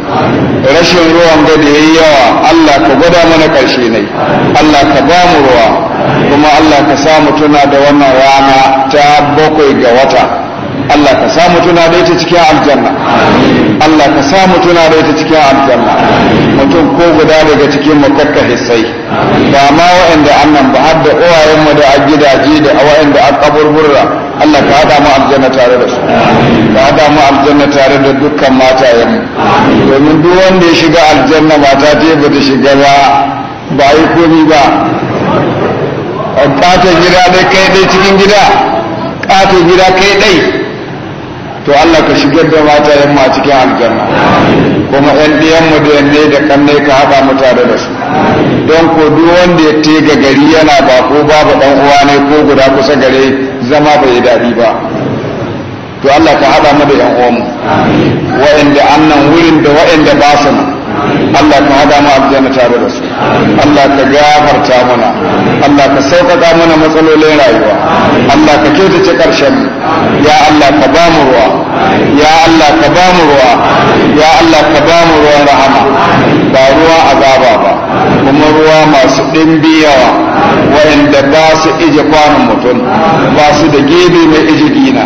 rashin ruwan da da yayi yawa Allah ka gwada mana karshe ne Allah ka ba mu ruwa kuma Allah ka sa mu tuna da wannan rana ta bakwai ga wata Allah ka sa mu tuna da ita cikin aljanna Allah ka sa mu tuna da ita cikin aljanna mutum ko guda daga cikin mu kakka hissai ba ma wa'anda annan ba har da uwayenmu da a gidaje da wa'anda a kaburburra Allah ka haɗa mu aljanna tare da su ka haɗa mu aljanna tare da dukkan matayen domin duk wanda ya shiga aljanna mata ta ba ta shiga ba ba yi komi ba ƙaton gida dai kai dai cikin gida ƙaton gida kai dai to Allah ka shigar da matayen mu a cikin aljanna kuma ƴan ɗiyanmu da yanne da kanne ka haɗa mu tare da su don ko duk wanda ya tega gari yana ko babu ɗan uwa ne ko guda kusa gare zama bai yi daɗi ba to Allah ka haɗa mu da ƴan uwanmu wa'anda annan wurin da wa'anda ba su nan Allah ka hada mu aljanna tare da su Allah ka gafarta mana Allah ka sauƙaƙa mana matsalolin rayuwa Allah ka kyautace ƙarshen ya Allah ka ba mu ruwa Allah ka ba mu ruwa ya Allah ka ba mu ruwan rahama ba ruwa azaba ba kuma ruwa masu ɗimbi yawa waɗanda ba su ije kwanan mutum ba su da gebe mai ije dina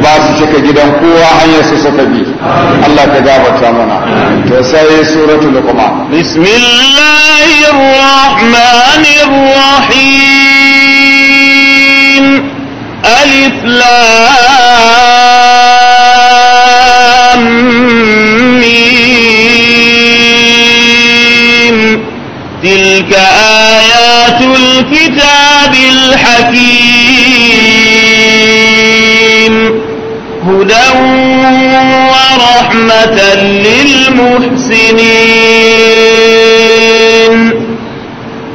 ba su cika gidan kowa hanyar su suka bi Allah ka gabata mana to sai suratul luqman bismillahir alif lam للمحسنين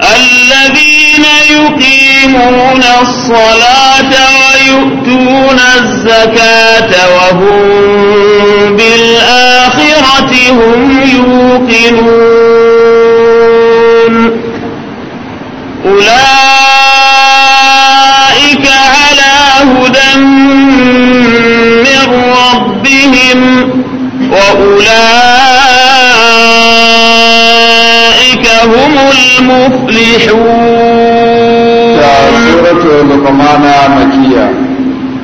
الذين يقيمون الصلاة ويؤتون الزكاة وهم بالآخرة هم يوقنون أولئك على هدى من ربهم فأولئك هم المفلحون سورة لقمان مكية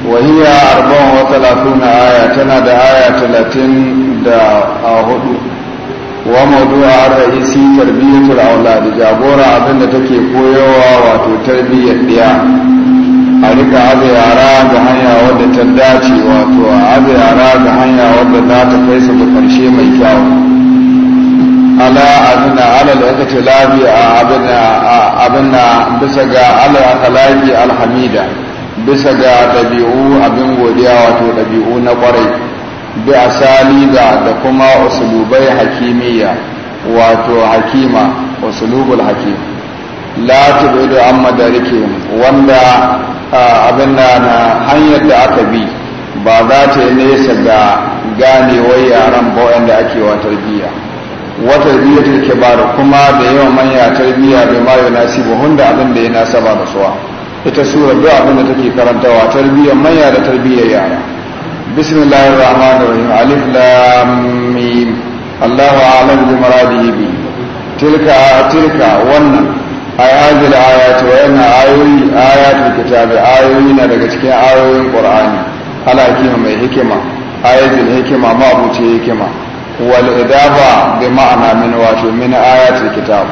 وهي أربع وثلاثون آية تنادى آية ثلاثين دا أهدو وموضوع الرئيسي تربية الأولاد جابورة أبنى تكي قويوة تربية بيان a rika abu yara ga hanya wadda ta dace wato a abu yara ga hanya wadda za ta kai su ga ƙarshe mai kyawu ala abinda alal aka ce lafiya abinda bisa ga ala aka labi alhamida bisa ga ɗabi'u abin godiya wato ɗabi'u na ƙwarai bi asaliba da kuma usulubai hakimiyya wato hakima usulubul hakim la tubidu amma da wanda abin da na hanyar da aka bi ba za ta yi nesa ga ganewar yaran bawan da ake wa tarbiyya wata biyu ta bada kuma da yawan manya tarbiyya bai ma nasi ba hunda abin da ya ba da suwa ita sura duk abin da take karantawa tarbiyya manya da tarbiyyar yara bismillahir rahmanir rahim alif lam mim Allahu a'lam bi maradihi tilka tilka wannan ai hazil ayatu wa yana ayoyi ayatul kitabi ayoyi na daga cikin ayoyin qur'ani ala kima mai hikima ayatul hikima ma abuce hikima wal idaba bi ma'ana min wato min ayatul kitab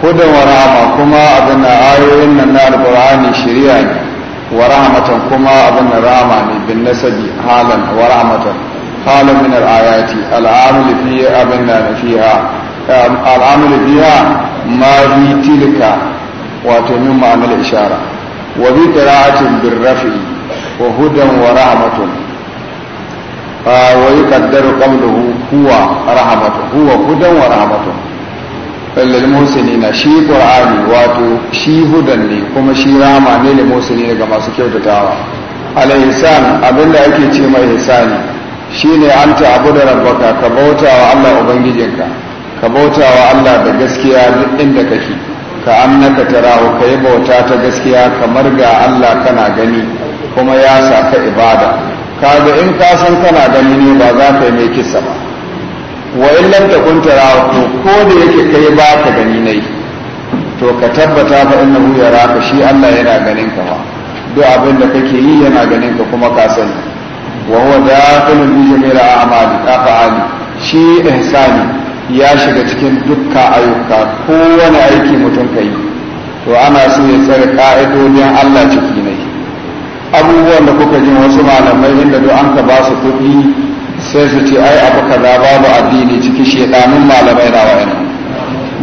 hudan wa rahama kuma abin da ayoyin nan na alqur'ani shari'a ne wa rahmatan kuma abin da rahama ne bin nasabi halan wa rahmatan halan min al ayati al amil fi abin da fiha al'amul biya ma bi tilka wato min ma'anar ishara wa bi qira'atin Rafi, wa hudan wa rahmatun wa yuqaddaru qawluhu huwa rahmatun huwa hudan wa rahmatun lil muhsinina shi qur'ani wato shi hudan ne kuma shi rama ne lil muhsinina ga masu kyautatawa al ihsan abinda ake ce mai ihsani shine anta abu da rabbaka ka bauta wa Allah ubangijinka ka bautawa Allah da gaskiya duk inda kake ka annaka tarahu kai bauta ta gaskiya kamar ga Allah kana gani kuma ya sa ka ibada kaga in ka san kana gani ne ba za ka yi mai kisa ba wa in ta kun tarahu to ko da yake kai ba ka gani ne to ka tabbata fa innahu yaraka shi Allah yana ganin ka ba duk abin da kake yi yana ganin ka kuma ka sani wa huwa dakhilun bi a'mali af'ali shi ihsani ya shiga cikin dukkan ayyuka kowane aiki mutum ka yi to ana so ya tsare ka'idodin Allah ciki ne abubuwan da kuka jin wasu malamai inda duk an ka ba su kuɗi sai su ce ai abu kaza babu addini ciki shekanun malamai na wa'ina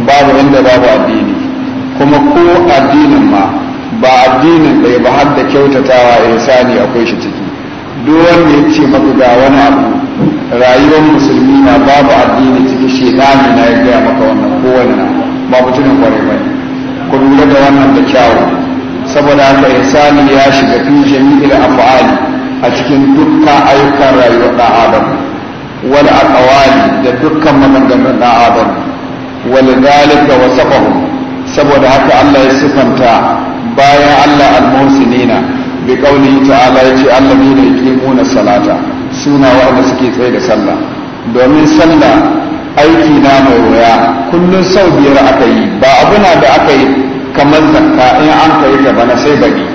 babu inda babu addini kuma ko addinin ma ba addinin ɗaya ba har da kyautatawa ihsani akwai shi ciki duk wanda ya ce maka ga wani abu rayuwar musulmi na babu addini cikin shedani na ya gaya maka wannan kowane na ba kwarai ba ku lura da wannan da kyawu saboda haka Insani ya shiga fi jami'il af'ali a cikin dukkan ayyukan rayuwar da adam wal aqwali da dukkan maganganun da adam wal dalika wasafahu saboda haka Allah ya sifanta bayan Allah al-muhsinina bi qawlihi ta'ala yace ke yuqimuna salata suna wa'anda suke tsaye da sallah domin sallah aiki na mai wuya kullum sau biyar aka yi ba abuna da aka yi kamar zakka in an kai ta bana sai bari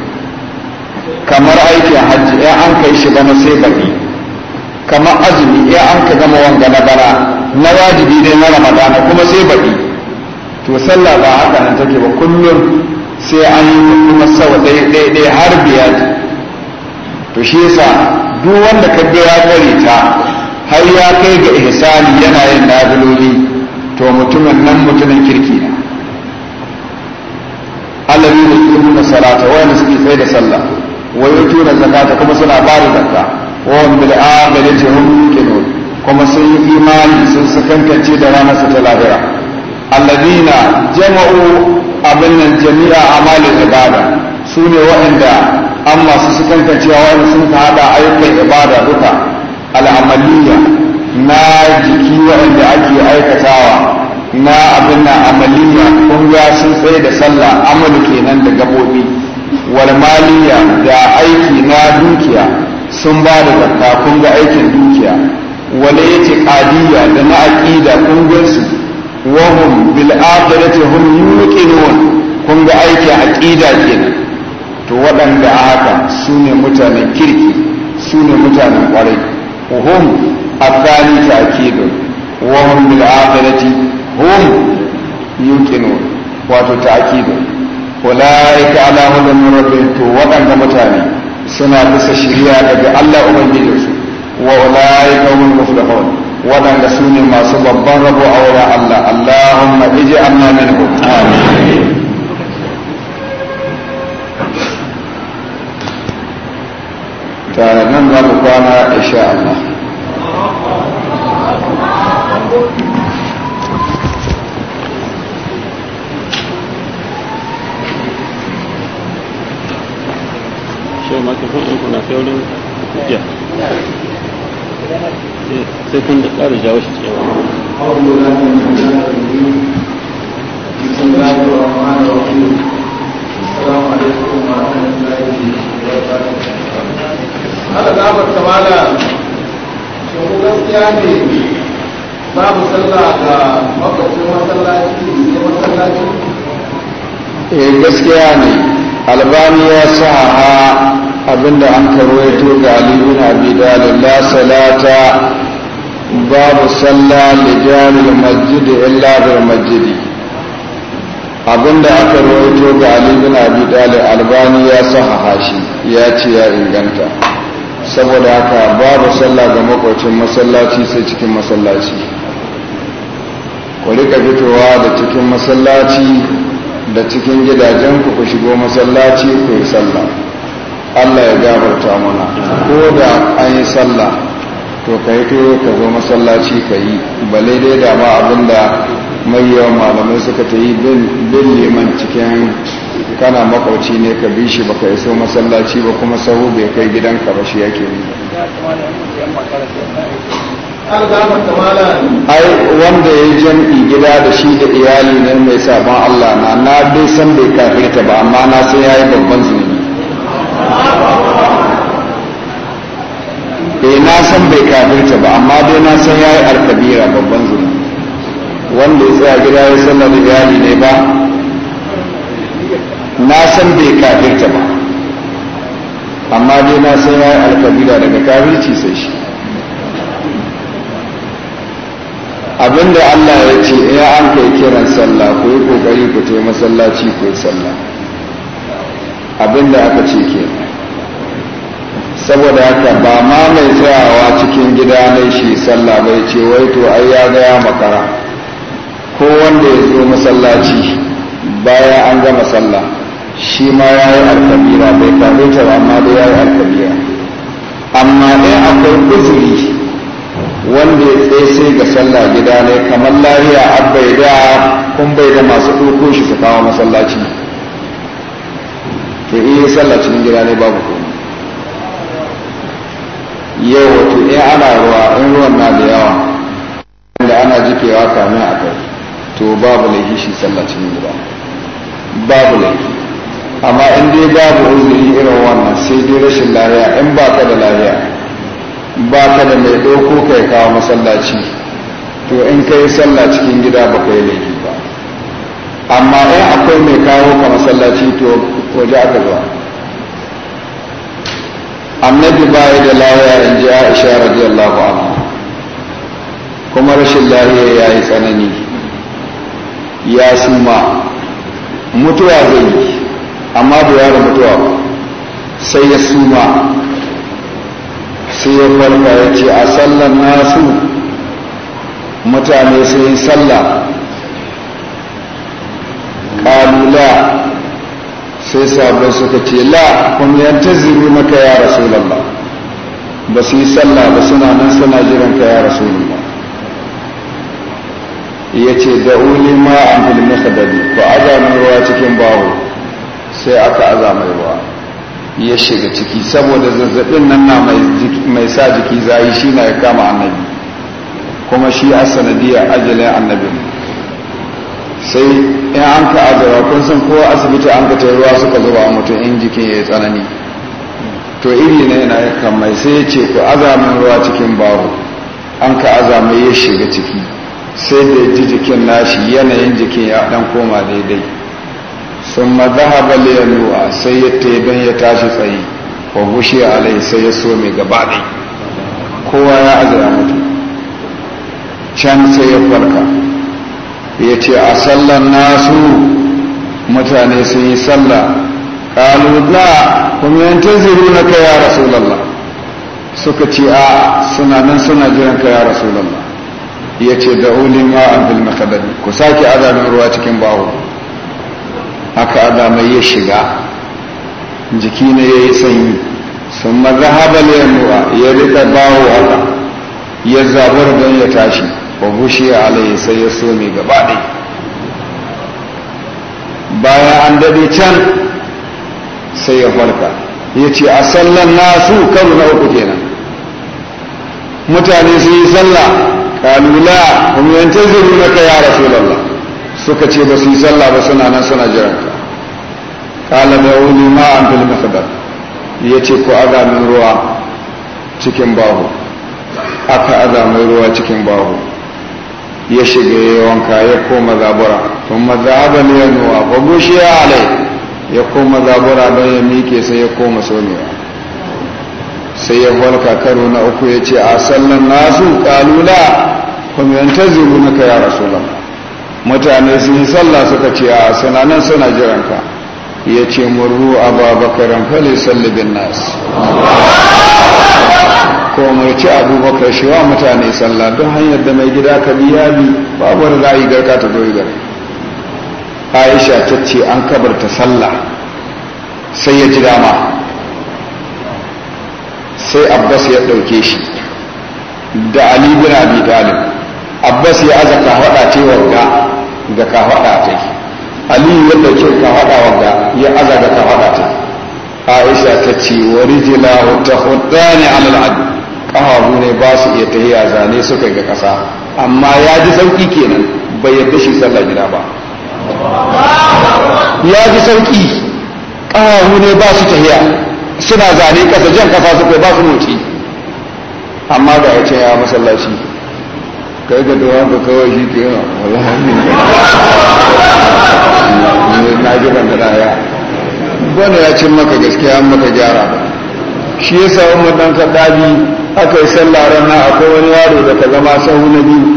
kamar aikin hajji in an kai shi bana sai bari kamar azumi in an ka gama wanga na bara na wajibi dai na ramadana kuma sai bari to sallah ba haka nan take ba kullum sai an yi kuma sau ɗaya har biyar to shi yasa duk wanda ka ya tsare ta har ya kai ga ihsani yana yin nabiloli to mutumin nan mutumin kirki ne Allah ne da salata wanda suke tsaye da sallah wa yutuna zakata kuma suna ba da zakka wa hum bil akhirati hum yuqinun kuma sun yi imani sun sakankance da ranar su ta lahira alladina jama'u abin nan jami'a amalin ibada su ne waɗanda an masu kanta cewa wani sun ka haɗa ayyukan ibada duka al'amaliya na jiki waɗanda ake aikatawa na abin na amaliya sun tsaye da sallah amal kenan da gabobi walmaliya da aiki na dukiya sun ba da zakka kun ga aikin dukiya wale ya ce da na aƙida ƙungiyarsu wahum bil akhirati hum yuqinun kun ga aikin aƙida kenan to waɗanda haka su ne mutanen kirki su ne mutanen ƙwarai hum ta ta'kidun da wani mil akirati hum yuqinun wato ta ta'kidun ulaika ala alamu da rabbihim to waɗanda mutane suna bisa shiriya daga Allah ubangijinsu wa mafi da muflihun waɗanda su ne masu babban rabo a wurin Allah Allahumma ij'alna minhum amin nan za mu kwana insha Allah eh, sai kun da ƙara jawo shi cewa haka zaɓar kamala shugaban gaskiya ne babu sallah ga makwacin masallaci ne masallaci eh gaskiya ne albani ya sa ha abinda an karwaito ga alibin abidal la salata babu sallah lijaril masjidi illa bil masjidi abinda aka rawaito ga Ali bin Abi Talib Albani ya ha shi ya ce ya inganta saboda haka babu sallah ga makwacin masallaci sai cikin masallaci ku rika fitowa da cikin masallaci da cikin gidajen ku ku shigo masallaci ku yi sallah Allah ya gabarta mana ko da an yi sallah to ka yi to ka zo masallaci ka yi balai dai da ma abinda mai yawan malamai suka ta yi bin liman cikin kana makwauci ne ka bi shi baka iso masallaci ba kuma sahu bai kai gidanka ba shi yake ne ai wanda ya yi jam'i gida da shi da iyali na mai sabon Allah na na dai san bai kafirta ba amma na yayi babban zunubi eh na san bai kafirta ba amma dai na san ya yi alkabira babban wanda ya tsaya gida ya san da iyali ne ba na san bai kafirta ba amma dai na san ya yi alkabila daga kafirci sai shi abinda Allah ya ce ya an kai kiran sallah ko yi kokari ku yi masallaci ku yi sallah abinda aka ce ke saboda haka ba ma mai tsayawa cikin gida ne shi sallah bai ce wai to ai ya gaya ya makara ko wanda ya zo masallaci baya an gama sallah shi ma ya yi alkabira bai karbe ta ba amma dai ya yi alkabira amma dai akwai uzuri wanda ya tsaye sai ga sallah gida ne kamar lariya abbai da kun bai da masu ɗauko shi su kawo masallaci to iya sallah cikin gida ne babu komai yau wato in ana ruwa in ruwan na da yawa da ana jikewa kamin a kai to babu laifi shi sallah cikin gida babu laifi amma in dai babu uzuri irin wannan sai dai rashin lahiya in ba ka da lahiya ba ka da mai ɗauko kai kawo masallaci to in ka yi sallah cikin gida ba ka yi laifi ba amma in akwai mai kawo ka masallaci to waje aka zuwa annabi baya da lahiya in ji aisha radiyallahu anha kuma rashin lahiya ya yi tsanani ya suma mutuwa zai yi amma da yara mutuwa sai ya suma sai ya farka ya ce a sallan nasu mutane sai yi sallah kalula sai sabon suka ce la kuma yanta ziru maka ya rasulallah ba su yi sallah ba suna nan suna jiran ka ya ne ya ce da uli ma an fil musadadi ba aza ruwa cikin bawo sai aka aza mai ruwa ya shiga ciki saboda zazzabin nan na mai sa jiki zai shi na ya kama annabi kuma shi a sanadiyar ajalin annabin sai in an ka azara kun san kowa asibiti an ka ruwa suka zuba mutum in jikin ya yi tsanani to iri na yana kan mai sai ya ce ku aza ruwa cikin bawo an ka aza mai ya shiga ciki sai da ji jikin nashi yanayin jikin ya dan koma daidai sun mazahaba ruwa sai ya taiban ya tashi tsaye wa gushe alai sai ya so mai gaba ɗai kowa ya azira mutu can sai ya farka ya ce a sallan nasu mutane sun yi sallah ƙalu da kuma yantar ziru na kai ya rasulallah suka ce a suna nan suna jiran kai ya rasulallah ya ce da'uli an fil makabari ku sake azamin ruwa cikin bawo haka azamai ya shiga jiki na ya yi sanyi sun maza haɗa lemuwa ya rika bawo haka ya zabar don ya tashi ba bushe a alayi sai ya so mai gaba bayan an daɗe can sai ya farka ya ce a sallan nasu karo na uku kenan mutane sun yi sallah qalu la hum yantazirunaka ya rasulullah suka ce ba su yi sallah ba suna nan suna jiran ka qala da'uni ma'an bil miqdar yace ko aga min ruwa cikin bahu aka aza mai ruwa cikin bahu ya shiga ya wanka ya koma zabura tun mazaba ne ya nuwa ba gushiya alai ya koma zabura don ya miƙe sai ya koma sonewa sai ya walka karo na uku ya ce a sallan nasu kalula kuma yanta zuru na kaya rasulan mutane sun yi sallah suka ce a nan suna jiranka ya ce murru a babakaran fali sallibin nasu ko mai ci abubakar shi wa mutane sallah don hanyar da mai gida ka biya bi babu wani ra'ayi garka ta zo gar aisha ta ce an kabarta sallah sai ya ji dama sai abbas ya ɗauke shi da ali bin abi talib abbas ya aza kahwada ce wanga ga kahwada ta ali ya ɗauke kahwada wanga ya aza ga kahwada ta aisha ta ce wa rijilahu ta hudani alal adu kahabu ne ba su iya tahiya zane suka ga kasa amma ya ji sauki kenan bai yadda shi sallah gida ba ya ji sauki kahabu ne ba su tahiya suna zane kasa jan kafa su kai ba su motsi amma da ya ce ya masallaci kai ga dawa ga kawai shi ke yana wallahi na ji ban da raya wanda ya cin maka gaskiya an maka gyara shi ya sa umar dan kaddabi aka yi sallah rana akwai wani yaro da ka zama sahu na biyu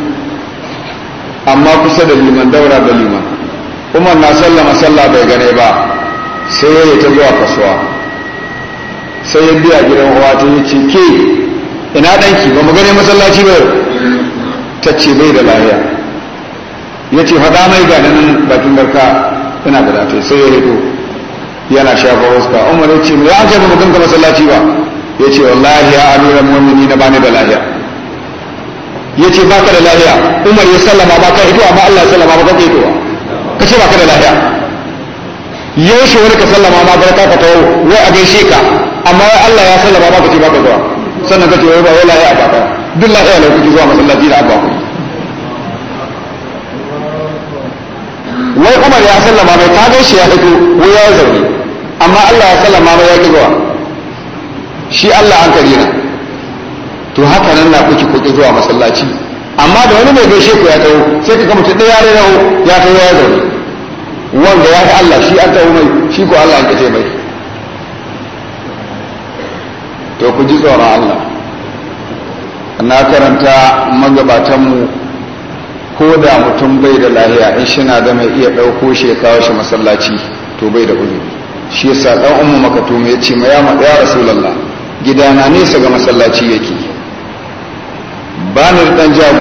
amma kusa da liman daura da liman umar na sallama sallah bai gane ba sai ya yi ta zuwa kasuwa sai ya biya gidan uwa ta yi ce ke ina ɗanki ba mu gane masallaci ba ta ce bai da lahiya ya ce faɗa mai ga nan bakin garka ina da lafiya sai ya rito yana shafa waska umar ya ce ya ce ba mu ganka masallaci ba ya ce wallahi ya amiran mu'mini na bani da lahiya ya ce baka da lahiya umar ya sallama ba ka hito ba Allah ya sallama ba ka hito ka ce baka da lahiya yaushe wani ka sallama ma barka ka tawo wai a gaishe ka amma Allah ya sallama ba ka ce ba ka zuwa sannan ka ce wai ba wai lahiya ba ka duk lahiya ne kuke zuwa masallaci da abuwa wai Umar ya sallama mai ta ga shi ya fito wai ya zaune amma Allah ya sallama mai ya zuwa shi Allah an kare na to haka nan na kuke kuke zuwa masallaci amma da wani mai gaishe ku ya tawo sai ka ga mutum ɗaya ya rawo ya tawo ya zaune wanda ya fi Allah shi an tawo mai shi ko Allah an kace mai to ku ji tsoron Allah na karanta magabatanmu ko da mutum bai da lahiya in shina da mai iya ɗauko shi ya kawo shi masallaci to bai da uzuri shi yasa dan ummu makatuma ya ce ma ya maɗaya ya rasulullah gidana nesa ga masallaci yake ba ni dan jago